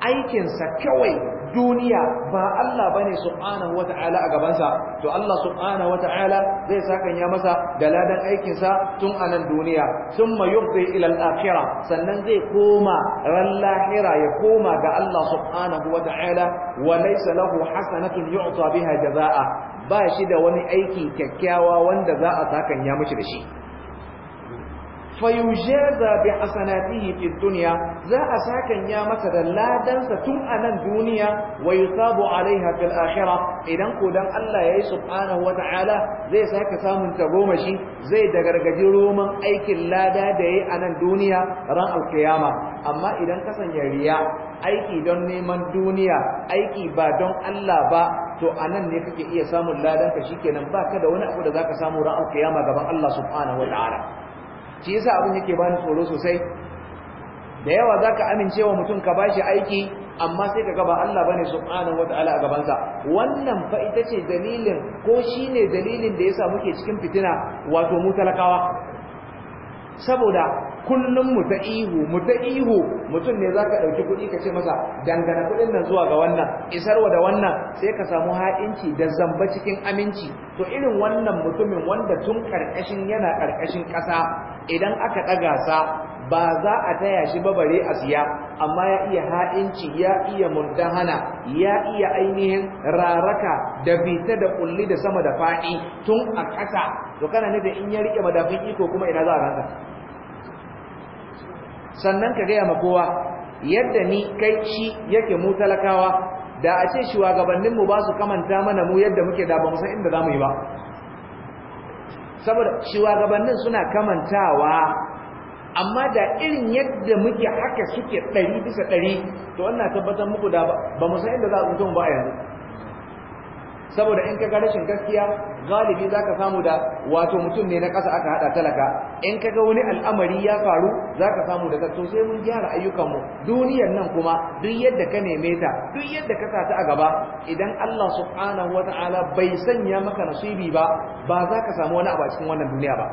aikinsa kawai duniya ba Allah bane subhanahu wata'ala a gabansa to Allah subhanahu wata'ala zai sakanya masa da ladan aikin sa tun a nan duniya thumma yurdi ila al-akhirah sannan zai koma ran lahira ya koma ga Allah subhanahu wata'ala wa laysa lahu hasanatun yu'ta biha jazaa'a ba shi da wani aiki kyakkyawa wanda za a sakanya mishi da shi fayujaza bi hasanatihi fi dunya za a sakan ya masa da ladansa tun a nan duniya wa yusabu alaiha fil akhirah idan ko dan Allah yayi subhanahu wataala zai saka samun tagomashi zai dagargaji roman aikin lada da yayi a nan duniya ran alkiyama amma idan ka sanya riya aiki don neman duniya aiki ba don Allah ba to a nan ne kake iya samun shi shikenan baka da wani abu da zaka samu ran alkiyama gaban Allah subhanahu wataala shi yasa abin yake bani tsoro sosai da yawa za ka amince wa mutum ka bashi aiki amma sai ka gaba Allah bane subhanahu wataala a gabansa wannan fa ita ce dalilin ko shine dalilin da yasa muke cikin fitina wato mu talakawa saboda kullum mu ta ihu mu ta ihu mutum ne zaka ɗauki kuɗi ka ce masa dangana kuɗin nan zuwa ga wannan isarwa da wannan sai ka samu ha'inci da zamba cikin aminci to irin wannan mutumin wanda tun karkashin yana karkashin ƙasa idan aka ɗaga sa ba za a taya shi ba bare a siya amma ya iya ha'inci ya iya murdahana ya iya ainihin raraka da fita da kulli da sama da fa'i tun a ƙasa to kana nufin in ya rike madafin iko kuma ina za a ranta sannan ka gaya ma kowa yadda ni kai shi yake mu talakawa da a ce shugabanninmu ba su kamanta mana mu yadda muke da ba mu san inda za mu yi ba saboda shugabannin suna kamantawa amma da irin yadda muke haka suke ɗari bisa ɗari to wannan tabbatar muku da ba mu san inda za a tsunto ba a yanzu saboda in ka ga rashin gaskiya galibi zaka samu da wato mutum ne na ƙasa aka haɗa talaka in ka ga wani al'amari ya faru zaka samu da to sai mun gyara ayyukan mu duniyar nan kuma duk yadda ka neme ta duk yadda ka sa ta a gaba idan Allah subhanahu wataala bai sanya maka nasibi ba ba za ka samu wani abu a cikin wannan duniya ba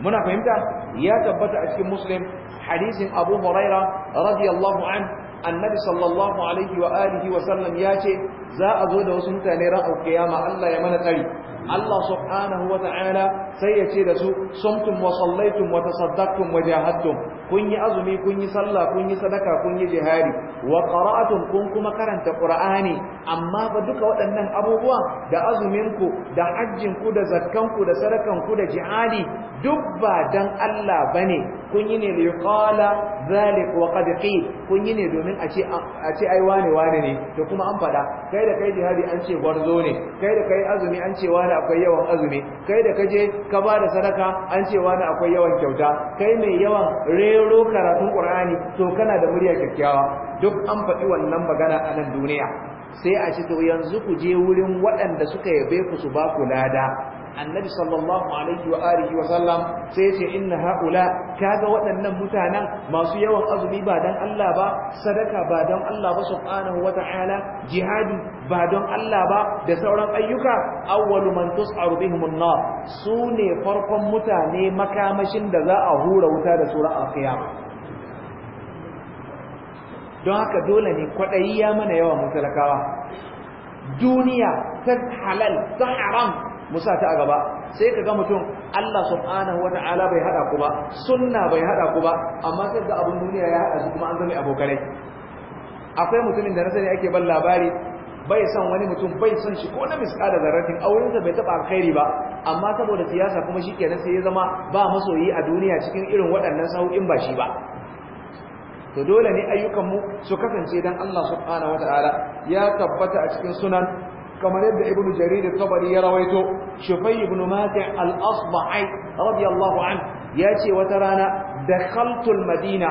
muna fahimta ya tabbata a cikin muslim hadisin abu huraira radiyallahu anhu, annabi sallallahu alaihi wa alihi wa sallam ya ce za a zo da wasu mutane ran ma Allah ya mana tsari Allah subhanahu wa ta'ala sai ya ce da su sumtum wa sallaitum wa tasaddaqtum wa jahadtum kun yi azumi kun yi sallah kun yi sadaka kun yi jihadi wa qara'atum kun kuma karanta qur'ani amma ba duka waɗannan abubuwa da azuminku da hajjin ku da zakkan da sadakanku ku da jihadi duk ba dan Allah bane kun yi ne li qala zalik wa qad qil kun yi ne domin a ce a ce ai wane wane ne to kuma an faɗa kai da kai jihadi an ce gwarzo ne kai da kai azumi an ce wane wani akwai yawan azumi kai da kaje ka ba da sadaka an ce wani akwai yawan kyauta kai mai yawan rero karatun qur'ani to kana da murya kyakkyawa duk an faɗi wannan magana a nan duniya sai a shi to yanzu ku je wurin waɗanda suka yabe ku su ba ku lada annabi sallallahu alaihi wa alihi wa sallam sai yace inna haula kaga waɗannan mutanen masu yawan azumi ba dan Allah ba sadaka ba dan Allah ba subhanahu wa ta'ala jihadi ba dan Allah ba da sauran ayyuka awwalu man tus'aru bihim an-nar sune farkon mutane makamashin da za a hura wuta da sura al-qiyama don haka dole ne kwaɗayi ya mana yawa mutalakawa duniya ta halal ta haram mu sa ta a gaba sai ka ga mutum Allah subhanahu wa ta'ala bai hada ku ba sunna bai hada ku ba amma sai ga abun duniya ya hada su kuma an zama abokai. akwai mutumin da na sani ake ban labari bai san wani mutum bai san shi ko na da zarratin auren sa bai taba alkhairi ba amma saboda siyasa kuma shikenan sai ya zama ba masoyi a duniya cikin irin waɗannan sauƙin ba shi ba to dole ne ayyukan mu su kasance dan Allah subhanahu wa ta'ala ya tabbata a cikin sunan kamar yadda ibnu jarir tabari ya rawaito shufay ibn mati' al-asba'i radiyallahu an yace wata rana dakhaltu al-madina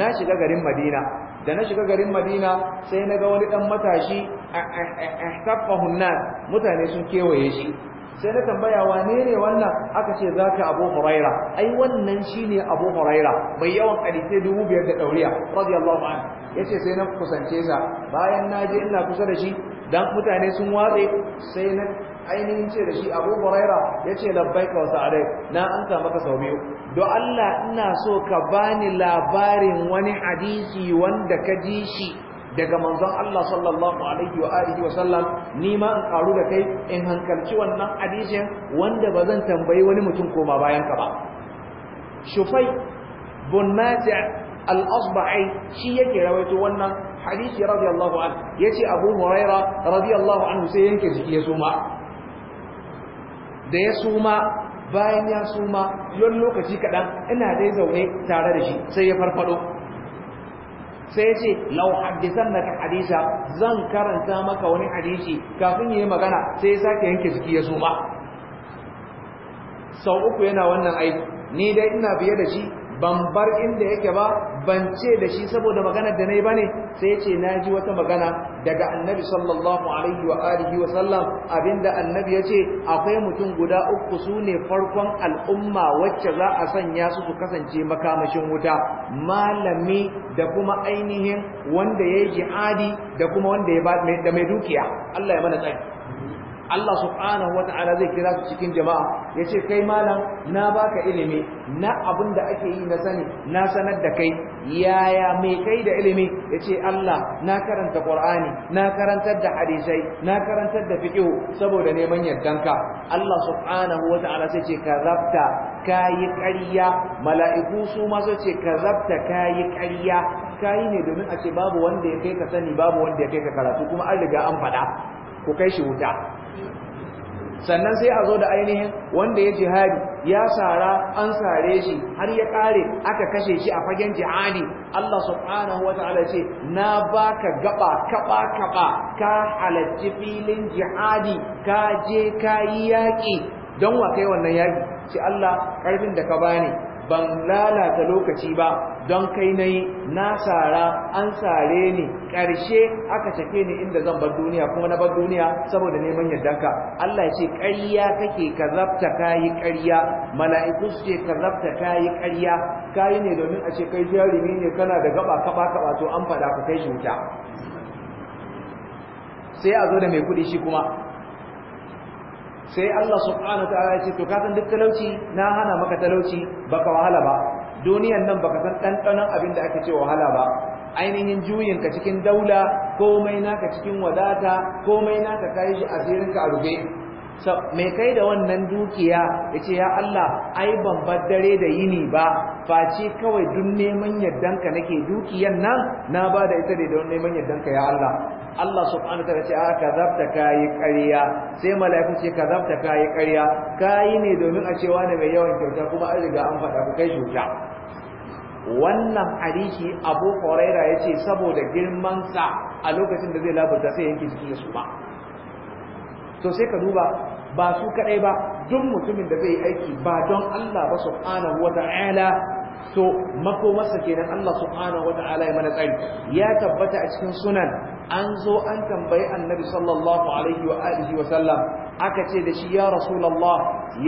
na shiga garin madina da na shiga garin madina sai na ga wani dan matashi ihtafahu an-nas mutane sun kewaye shi sai na tambaya wane ne wannan aka ce za ka abu huraira ai wannan shi ne abu huraira mai yawan hadisai dubu biyar da ɗauriya radiyallahu an ya ce sai na kusance sa bayan na je ina kusa da shi dan mutane sun watse sai na ainihin ce da shi Abu Huraira yace labbaika wa sa'adai na amsa maka sau biyu Do Allah ina so ka bani labarin wani hadisi wanda ka ji shi daga manzon Allah sallallahu alaihi wa alihi wa sallam ni ma in karu da kai in hankalci wannan hadisin wanda ba zan tambayi wani mutum koma bayan ka ba Shufai bin al-asba'i shi yake rawaito wannan hadisi radiyallahu anhu yace abu huraira radiyallahu anhu sai yanke jiki ya suma da ya suma bayan ya suma yon lokaci kadan ina dai zaune tare da shi sai ya farfado sai ya ce lau hadisa zan karanta maka wani hadisi kafin yayi magana sai ya sake yanke jiki ya suma sau uku yana wannan aiki ni dai ina biye da shi ban bar inda yake ba ban ce da shi saboda maganar da nayi bane sai ya ce ji wata magana daga annabi sallallahu alaihi wa alihi wa sallam abinda annabi ya ce akwai mutum guda uku su ne farkon al'umma wacce za a sanya su su kasance makamashin wuta malami da kuma ainihin wanda ya yi jihadi da kuma wanda ya ba da mai dukiya Allah ya mana tsari Allah subhanahu wata'ala zai kira su cikin jama'a yace kai malam na baka ilimi na abin da ake yi na sani na sanar da kai yaya mai kai da ilimi yace Allah na karanta Qur'ani na karantar da hadisai na karantar da fiqh saboda neman yardanka Allah subhanahu wata'ala sai ce karabta kayi ƙarya mala'iku su ma sai ce karabta kayi ƙarya kayi ne domin a ce babu wanda ya kai ka sani babu wanda ya kai ka karatu kuma an riga an faɗa ku kai shi wuta sannan sai a zo da ainihin wanda ya jihadi ya sara an sare shi har ya kare aka kashe shi a fagen jihadi Allah subhanahu wataala ce na baka gaba kaba kaba ka halarci filin jihadi ka je ka yi yaƙi don wa kai wannan yaƙi ce Allah ƙarfin da ka bani ban lalata lokaci ba don kai na yi na sara an sare ni ƙarshe aka sake ni inda zan bar duniya kuma na bar duniya saboda neman yardanka Allah ce ƙarya kake ka zafta kayi ƙarya mala'iku su ce ka zafta kayi ƙarya kayi ne domin a ce kai jarumi ne kana da gaba kaba kaba to an faɗa ka kai shi wuta sai a zo da mai kuɗi shi kuma sai Allah subhanahu ta'ala ya ce to ka san duk talauci na hana maka talauci baka wahala ba duniyan nan baka san ɗanɗanon abin da ake ce wahala ba ainihin juyin ka cikin daula komai naka cikin wadata komai naka kai shi asirin ka a rube mai kai da wannan dukiya ya ce ya Allah ai ban ba dare da yini ba face kawai duk neman yardanka nake dukiyan nan na ba da ita da neman yardanka ya Allah Allah subhanahu wataala ce a ka yi ƙarya sai mala'iku ce ka kazabta kayi ƙarya kayi ne domin a cewa ne mai yawan kyauta kuma an riga an faɗa ku kai kyauta wannan hadisi Abu ya ce saboda girman sa a lokacin da zai labarta sai yanke jikin su ba to sai ka duba ba su kadai ba duk mutumin da zai aiki ba don Allah ba subhanahu wata'ala to makomarsa kenan Allah subhanahu wata'ala ya mana tsari ya tabbata a cikin sunan an zo an tambayi annabi sallallahu alaihi wa alihi wa sallam aka ce da shi ya rasulullah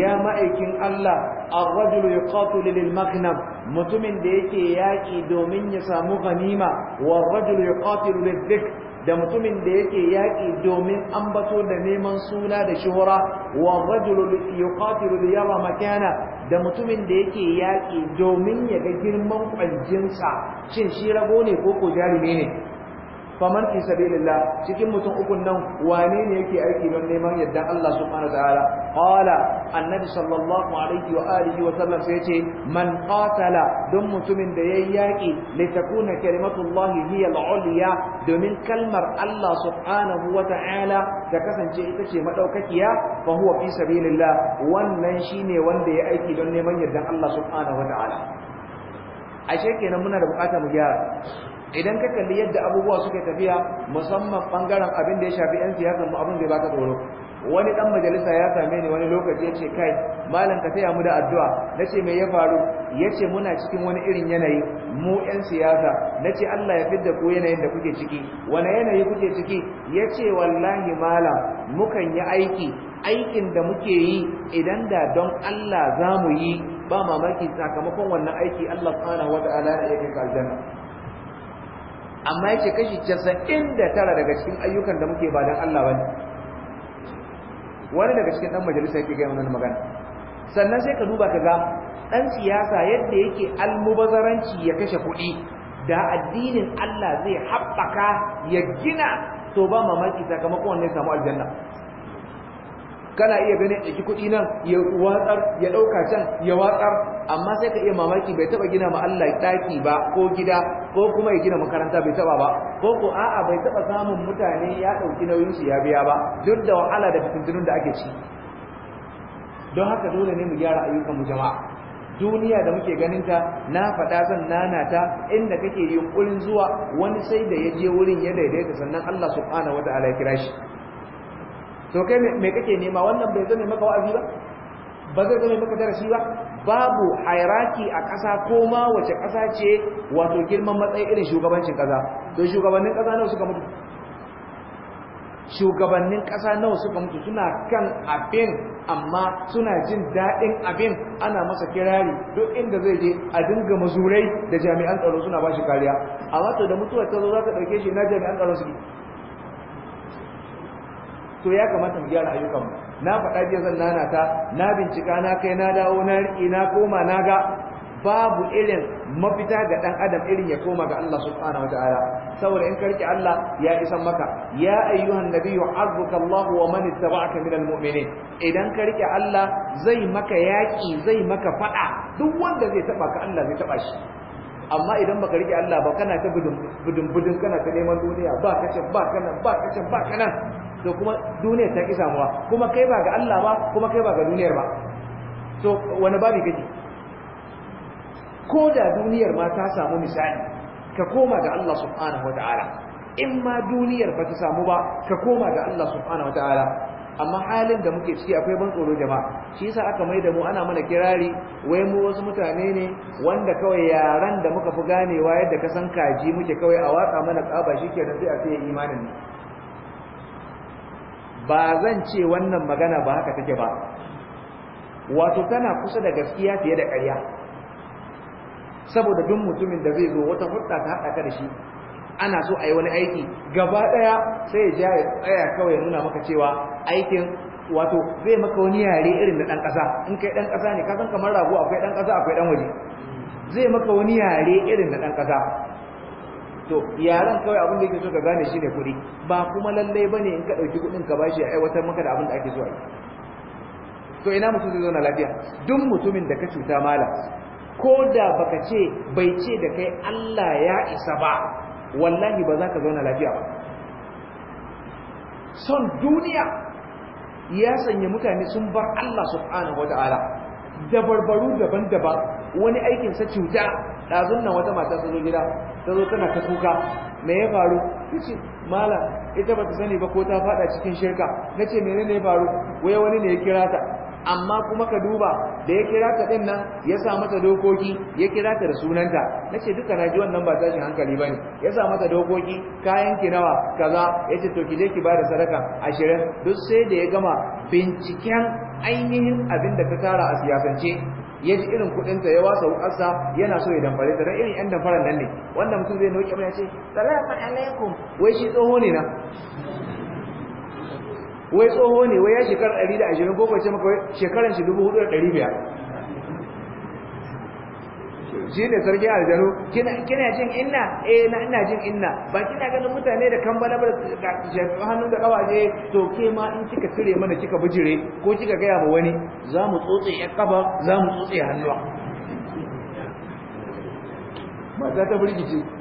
ya ma'aikin Allah ar-rajulu yuqatilu lil maghnam mutumin da yake yaki domin ya samu ganima war rajulu yuqatilu lidh da mutumin da yake yaƙi domin ambato da neman suna da shuhura wa rajul yuqatilu li yara makana da mutumin da yake yaƙi domin ya ga girman kwanjinsa shin shi rago ne ko ko jarumi ne faman fi sabilillah cikin mutum ukun nan wane ne yake aiki don neman yaddan Allah subhanahu ta'ala. qala annabi sallallahu alaihi wa alihi wa sallam sai yace man qatala don mutumin da yayi yaki li takuna kalimatullahi hiya al-ulya domin kalmar Allah subhanahu ta'ala ta kasance ita ce madaukakiya fa huwa fi sabilillah wannan shine wanda ya aiki don neman yaddan Allah subhanahu ta'ala. ashe kenan muna da bukata mu gyara idan ka kalli yadda abubuwa suke tafiya musamman bangaren abin da ya shafi yan siyasa mu abin da baka tsoro wani dan majalisa ya same ni wani lokaci ya ce kai malam ka taya mu da addu'a Na ce me ya faru yace muna cikin wani irin yanayi mu yan siyasa nace Allah ya fidda ku yanayin da kuke ciki wani yanayi kuke ciki yace wallahi malam mukan yi aiki aikin da muke yi idan da don Allah zamu yi ba mamaki sakamakon wannan aiki Allah subhanahu wata'ala ya kai aljanna amma yake kashi tara daga cikin ayyukan da muke ba dan Allah ne, wani daga cikin ɗan majalisa yake gaya wannan magana sannan sai ka duba ka ga ɗan siyasa yadda yake almubazaranci ya kashe kuɗi da addinin Allah zai haɓaka ya gina to ba mamaki sakamakon ya samu aljanna kana iya ganin ɗauki kuɗi nan ya watsar ya ɗauka can ya watsar amma sai ka iya mamaki bai taɓa gina ma Allah ɗaki ba ko gida ko kuma ya gina makaranta bai taɓa ba ko ko a'a bai taɓa samun mutane ya ɗauki nauyin shi ya biya ba duk da wahala da fitintunun da ake ci don haka dole ne mu gyara ayyukan mu jama'a duniya da muke ganin ta na faɗa zan ta inda kake yunkurin zuwa wani sai da ya je wurin ya daidaita sannan Allah subhanahu wataala ya kira shi to kai me kake nema wannan bai zame maka wa'azi ba ba zai zame maka darasi ba babu hayraki a ƙasa ko ma wace ƙasa ce wato girman matsayi irin shugabancin ƙasa to shugabannin ƙasa nawa suka mutu shugabannin ƙasa nawa suka mutu suna kan abin amma suna jin daɗin abin ana masa kirari duk inda zai je a dinga mazurai da jami'an tsaro suna ba shi kariya amma to da mutuwar ta zo za ta ɗauke shi na jami'an tsaro su to ya kamata mu gyara ayyukanmu na faɗa jiya zan nanata na bincika na kai na dawo na riƙe na koma na ga babu irin mafita ga ɗan adam irin ya koma ga Allah subhanahu wataala saboda in karki Allah ya isan maka ya ayyuhan nabiyyu azzuka Allah wa man ittaba'aka minal mu'minin idan karki Allah zai maka yaki zai maka faɗa, duk wanda zai taba ka Allah zai taba shi amma idan baka rike Allah ba kana ta budun budun kana ta neman duniya ba kace ba kana ba kace ba kana to kuma duniyar ta ki samuwa kuma kai ba ga Allah ba kuma kai ba ga duniyar ba to wani babi gaji ko da duniyar ma ta samu misali ka koma ga Allah subhanahu wataala in ma duniyar ba ta samu ba ka koma ga Allah subhanahu wataala amma halin da muke ciki akwai ban tsoro jama'a shi yasa aka mai da mu ana mana kirari wai mu wasu mutane ne wanda kawai yaran da muka fi ganewa yadda ka san kaji muke kawai a watsa mana ke shikenan sai a sai imanin ne ba zan ce wannan magana ba haka take ba wato tana kusa da gaskiya fiye da ƙarya saboda duk mutumin da zai zo wata hudda ta haɗa ka da shi ana so a yi wani aiki gaba ɗaya sai ya ja ya tsaya kawai ya nuna maka cewa aikin wato zai maka wani yare irin na ɗan ƙasa in kai ɗan ƙasa ne ka san kamar rago akwai ɗan ƙasa akwai ɗan waje zai maka wani yare irin na ɗan ƙasa to yaran kawai abin da yake so ka gane shi ne kuɗi ba kuma lallai ne in ka ɗauki kuɗin ka bashi a aiwatar maka da abin da ake so to ina mutum zai zauna lafiya duk mutumin da ka cuta mala ko da baka ce bai ce da kai Allah ya isa ba wallahi ba za ka zauna lafiya ba son duniya ya sanya mutane sun bar Allah subhanahu ta'ala dabarbaru daban-daban wani aikin sa cuta ɗazun nan wata mata ta zo gida ta zo tana ta kuka me ya faru ta mala ita ba ta sani ba ko ta fada cikin shirka nace ce menene ya faru waya wani ne ya kira ta amma kuma ka duba da ya kira ta din nan ya sa mata dokoki ya kira ta da sunanta nace duka na ji wannan ba tashin hankali bane ya sa mata dokoki kayan ki nawa kaza yace to ki je ki bada sadaka ashirin. duk sai da ya gama binciken ainihin abin da ka tara a siyasance ya ji irin ta ya wasa wukarsa yana so ya damfare ta dan irin yan damfaran nan ne wanda mutum zai noke mai ya ce salamu alaikum wai shi tsoho ne na wai tsoho ne wai ya shekara 120 ko ce maka shekaran shi 4500 shi ne sarki aljanu kina jin inna eh na ina jin inna ba kina ganin mutane da kan bala hannun da kawaje to ke ma in kika cire mana kika bijire ko kika gaya ma wani za mu tsotse ya kafa za mu tsotse hannuwa mata ta burgice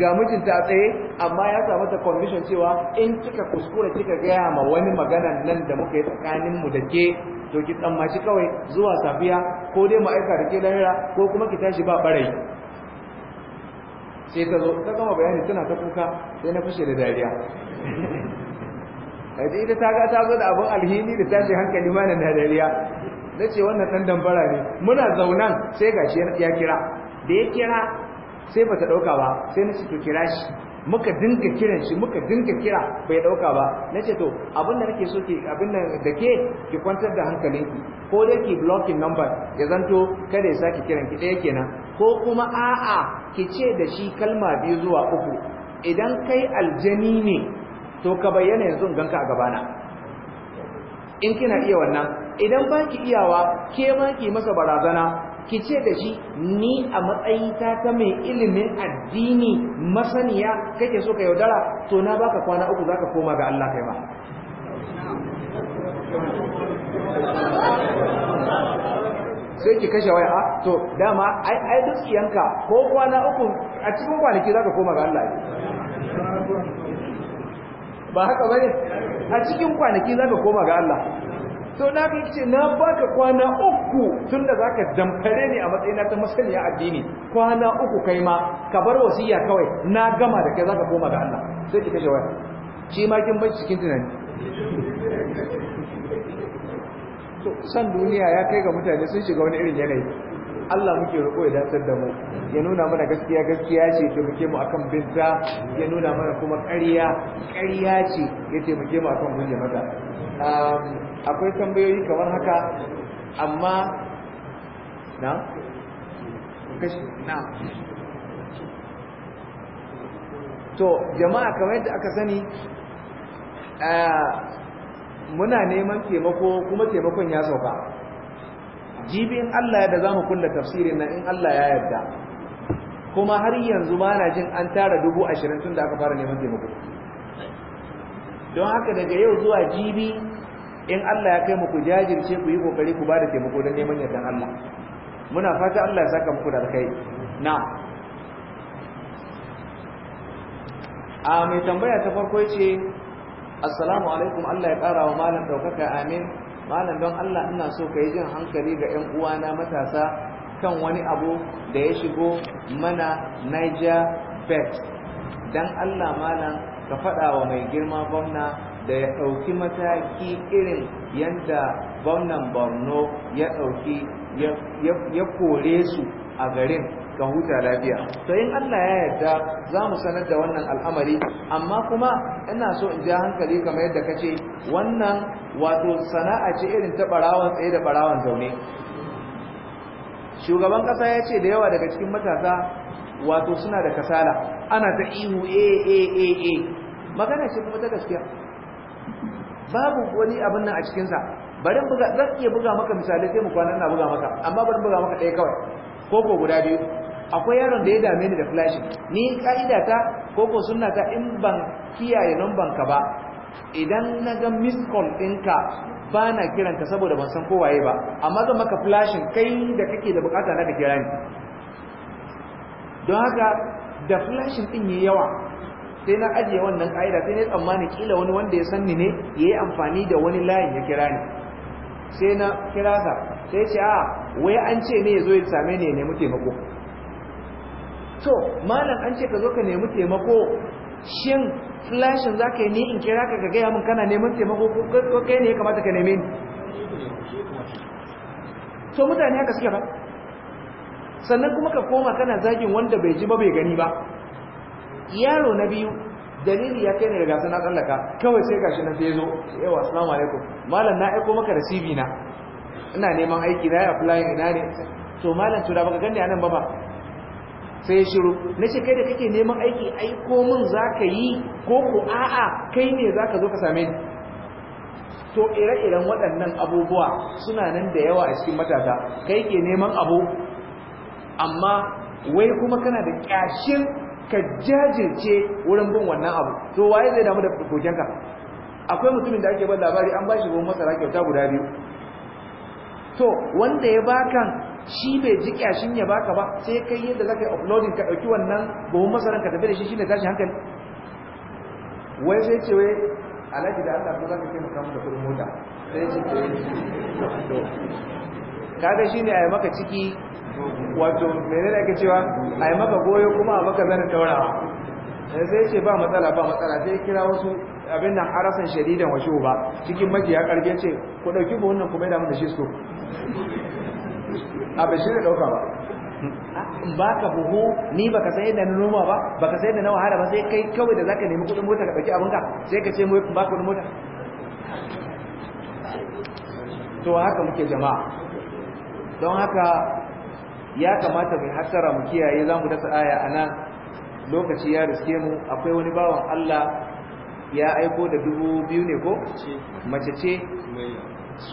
ga mijinta a tsaye amma ya samu ta condition cewa in kika kuskura kika gaya ma wani magana nan da muka yi tsakanin mu da ke to ki tsammaci kawai zuwa safiya ko dai mu aika da ke lahira ko kuma ki tashi ba barai sai ta zo ta gama bayani tana ta kuka sai na fashe da dariya [laughs] aje ita ta ga ta zo da abin alhini da tashi hankali ma na dariya na ce wannan ɗan dambara ne muna zaunan sai gashi ya kira da ya kira sai ba ta ɗauka ba sai na ce to kira shi muka dinga kiran shi muka dinga kira bai ɗauka ba Na ce to abin da nake so ke abin nan da ke ki kwantar da hankalinki ko dai ki blocking number ya zanto kada ya saki kiran ki daya kenan ko kuma a'a ki ce da shi kalma biyu zuwa uku idan kai aljani ne to ka bayyana yanzu ganka a gabana in kina iya wannan idan baki iyawa ke ma ki masa barazana ki ce da shi ni a matsayita ta mai ilimin addini masaniya kake so ka yaudara to na baka kwana uku zaka koma ga Allah kai ba sai ki kashe waya to dama ai ai duk yanka ko kwana uku a cikin kwanaki zaka koma ga Allah ba haka bane a cikin kwanaki zaka koma ga Allah to na ka ce na baka kwana uku tun da za ka damfare ni a matsayina ta masaniya addini kwana uku kai ma ka bar wasiya kawai na gama da kai ka koma ga Allah sai ki kashe waya shi ma kin bar cikin tunani to san duniya ya kai ga mutane sun shiga wani irin yanayi Allah muke roƙo ya dace da mu ya nuna mana gaskiya gaskiya ce ya muke mu akan binta ya nuna mana kuma ƙarya ƙarya ce ya taimake mu akan guje mata akwai tambayoyi kamar haka amma na na to jama'a kamar yadda aka sani muna neman taimako kuma taimakon ya sauka jibin Allah da za mu kulla tafsirin na in Allah ya yarda kuma har yanzu ba na jin an tara dubu ashirin tun da aka fara neman taimako don haka daga yau zuwa jibi in Allah ya kai mu ku jajirce ku yi kokari ku ba da taimako don neman yardan Allah muna fata Allah ya saka muku da alkhairi na'am a mai tambaya ta farko ce, assalamu alaikum Allah ya kara wa malam daukaka amin malam don Allah ina so ka jin hankali ga ƴan uwana matasa kan wani abu da ya shigo mana Niger Bet dan Allah malam ka faɗa wa mai girma gwamna da ya ɗauki mataki irin yadda gwamnan borno ya ɗauki ya kore su a garin ga huta lafiya to in Allah ya yarda za mu sanar da wannan al'amari amma kuma ina so in ja hankali kamar yadda ka ce wannan wato sana'a ce irin ta barawan tsaye da barawan zaune shugaban kasa ya ce da yawa daga cikin matasa wato suna da kasala ana ta ihu a a a a magana ce kuma ta gaskiya babu wani abin nan a cikinsa bari buga zan iya buga maka misali sai mu kwana na buga maka amma bari buga maka ɗaya kawai koko guda biyu akwai yaron da ya dame ni da flash ni ka'ida ta koko sunna ta in ban kiyaye numban ka ba idan na ga miss call ɗinka ba na kiranka saboda ban san kowaye ba amma zan maka flashin kai da kake da bukata na da kira ni don haka da flashin ɗin yi yawa sai na ajiye wannan ka'ida sai na tsammani kila wani wanda ya sanni ne ya yi amfani da wani layin ya kira ni sai na kira sa sai ce a ah, wai an ce ne ya zo ya same ni ya nemi taimako to malam an ce ka zo ka nemi taimako shin flashin za ka yi ni in kira ka ka gaya min kana neman taimako ko kai ne ya kamata ka neme ni so mutane haka suke ba sannan kuma ka koma kana zagin wanda bai ji ba bai gani ba yaro na biyu dalili ya kai ne daga sana tsallaka kawai sai gashi nan sai zo yawa assalamu alaikum malam na aiko maka da CV na ina neman aiki na applying ina ne to malam tura baka gani anan ba ba sai ya shiru na ce kai da kake neman aiki aiko min zaka yi ko ko a'a kai ne zaka zo ka same ni to ire-iren waɗannan abubuwa suna nan da yawa a cikin matasa kai ke neman abu amma wai kuma kana da ƙyashin ka jajirce wurin bin wannan abu to waye zai damu da kokenka akwai mutumin da ake ban labari an ba shi ruwan masara kyauta guda biyu to wanda ya baka shi bai ji kyashin ya baka ba sai kai yadda zaka yi uploading ka dauki wannan buhun masaran ka tafi da shi shine tashi hankali wai sai ce wai alaji da Allah ko zaka kai mu da kudin mota sai ce to kaga shine ai maka ciki wato ne ake cewa a yi maka goyo kuma a maka zanen taurawa eh, sai ce ba matsala ba matsala sai kira wasu abin nan harasan shadidan wasu ba cikin majiya karge ce ku dauki ba wannan kuma da mu da shi so a bashi da dauka ba Ba ka buhu ni baka sai da noma ba baka sai da na wahala ba sai kai kawai da zaka nemi kudin mota ka dauki abinka sai ka ce mu baka kudin mota to haka muke jama'a don haka ya kamata mai hasara mu kiyaye za mu dasa aya a nan lokaci ya riske mu akwai wani bawan Allah ya aiko da dubu biyu ne ko? mace ce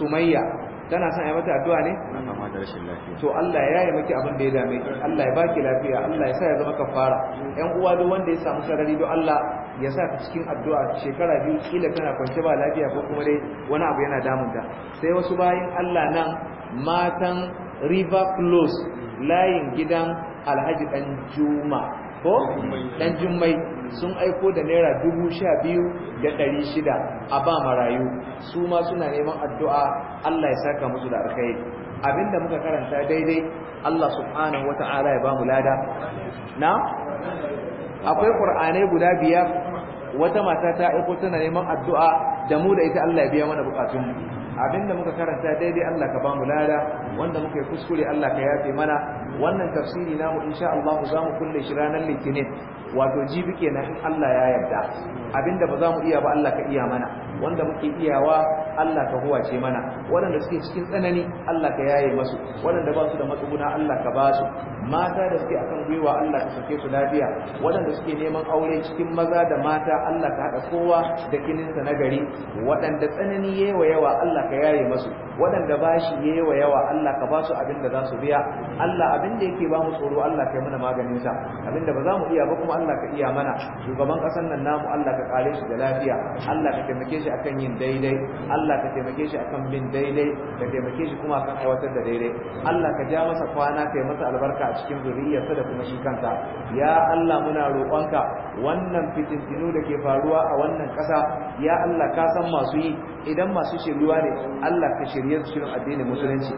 sumayya tana son a mata addu'a ne? to Allah ya yi maki abin da ya dame Allah ya baki lafiya Allah ya sa ya zama kafara yan uwa duk wanda ya samu sarari don Allah ya sa ta cikin addu'a shekara biyu kila tana kwance ba lafiya ko kuma dai wani abu yana damunta sai wasu bayan Allah nan matan river close layin gidan alhaji dan juma ko dan jummai sun aiko da naira dubu sha biyu da ɗari shida a ba marayu su ma suna neman addu'a allah ya saka musu da alkhairi abinda muka karanta daidai allah subhanahu wa ta'ala ya ba mu lada na akwai ƙur'anai guda biyar wata mata ta aiko tana neman addu'a da mu da ita allah ya biya mana bukatunmu abinda muka karanta daidai Allah ka bamu lada wanda muka yi kuskure Allah ka yafe mana wannan tafsiri namu insha Allah za mu kulle shi ranar litinin wato jibi kenan in Allah ya yarda abinda ba za mu iya ba Allah ka iya mana wanda muke iyawa Allah ka huwace mana waɗanda suke cikin tsanani Allah ka yaye masu waɗanda ba su da matsuguna Allah ka ba su mata da suke akan gwiwa Allah ka sake su lafiya waɗanda suke neman aure cikin maza da mata Allah ka haɗa kowa da kininsa na gari waɗanda tsanani yawa yawa Allah ka yaye masu waɗanda shi yawa yawa Allah ka ba su abin da za su biya Allah abin da yake ba mu tsoro Allah ka yi mana maganin sa abin da ba za mu iya ba kuma Allah ka iya mana shugaban ƙasar nan namu Allah ka kare shi da lafiya Allah ka taimake shi akan yin daidai Allah ka taimake shi akan bin daidai ka taimake shi kuma akan aiwatar da daidai Allah ka ja masa kwana kai masa albarka a cikin zuriyarsa da kuma shi kanta. ya Allah muna roƙonka wannan fitintinu da ke faruwa a wannan ƙasa ya Allah ka san masu yi idan masu shiryuwa ne Allah ka shirye su shirin addinin musulunci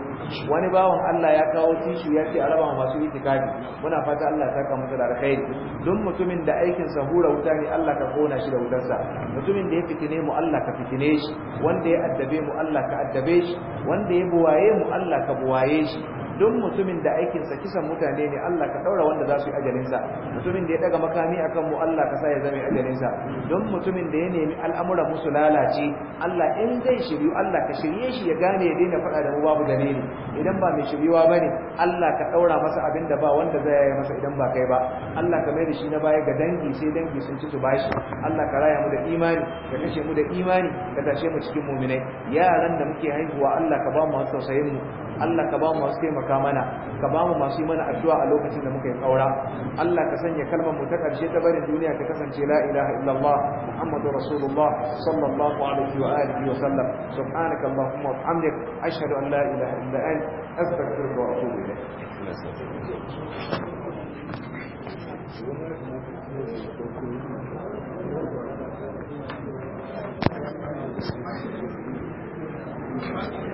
wani bawan Allah ya kawo tishu ya ce a raba masu itikafi muna fata Allah ya saka masa da alkhairi don mutumin da aikinsa hura wuta ne Allah ka kona shi da wutarsa mutumin da ya fitine mu Allah ka fitine shi wanda ya addabe mu Allah ka addabe shi wanda ya buwaye mu Allah ka buwaye shi duk mutumin da aikinsa kisan mutane ne Allah ka daura wanda za su yi ajalinsa mutumin da ya daga makami akan mu Allah ka sa ya zama ajalinsa don mutumin da ya nemi al'amuran musu lalace Allah in zai shiryu Allah ka shirye shi ya gane ya daina faɗa da mu babu dalili idan ba mai shiryuwa ba ne, Allah ka daura masa abin da ba wanda zai yi masa idan ba kai ba Allah ka mai da shi na baya ga dangi sai dangi sun ci su bashi Allah ka raya mu da imani ka kashe mu da imani ka tashe mu cikin mu'minai yaran da muke haihuwa Allah ka ba mu tausayin mu Allah ka ba mu masu taimaka mana ka ba mu masu yi mana addu'a a lokacin da muka yi kaura Allah ka sanya kalmar mu ta karshe ta barin duniya ta kasance la ilaha illallah muhammadu rasulullah sallallahu alaihi wa alihi wa sallam subhanaka allahumma wa bihamdik ashhadu an la ilaha illa anta astaghfiruka wa atubu ilayk Thank you.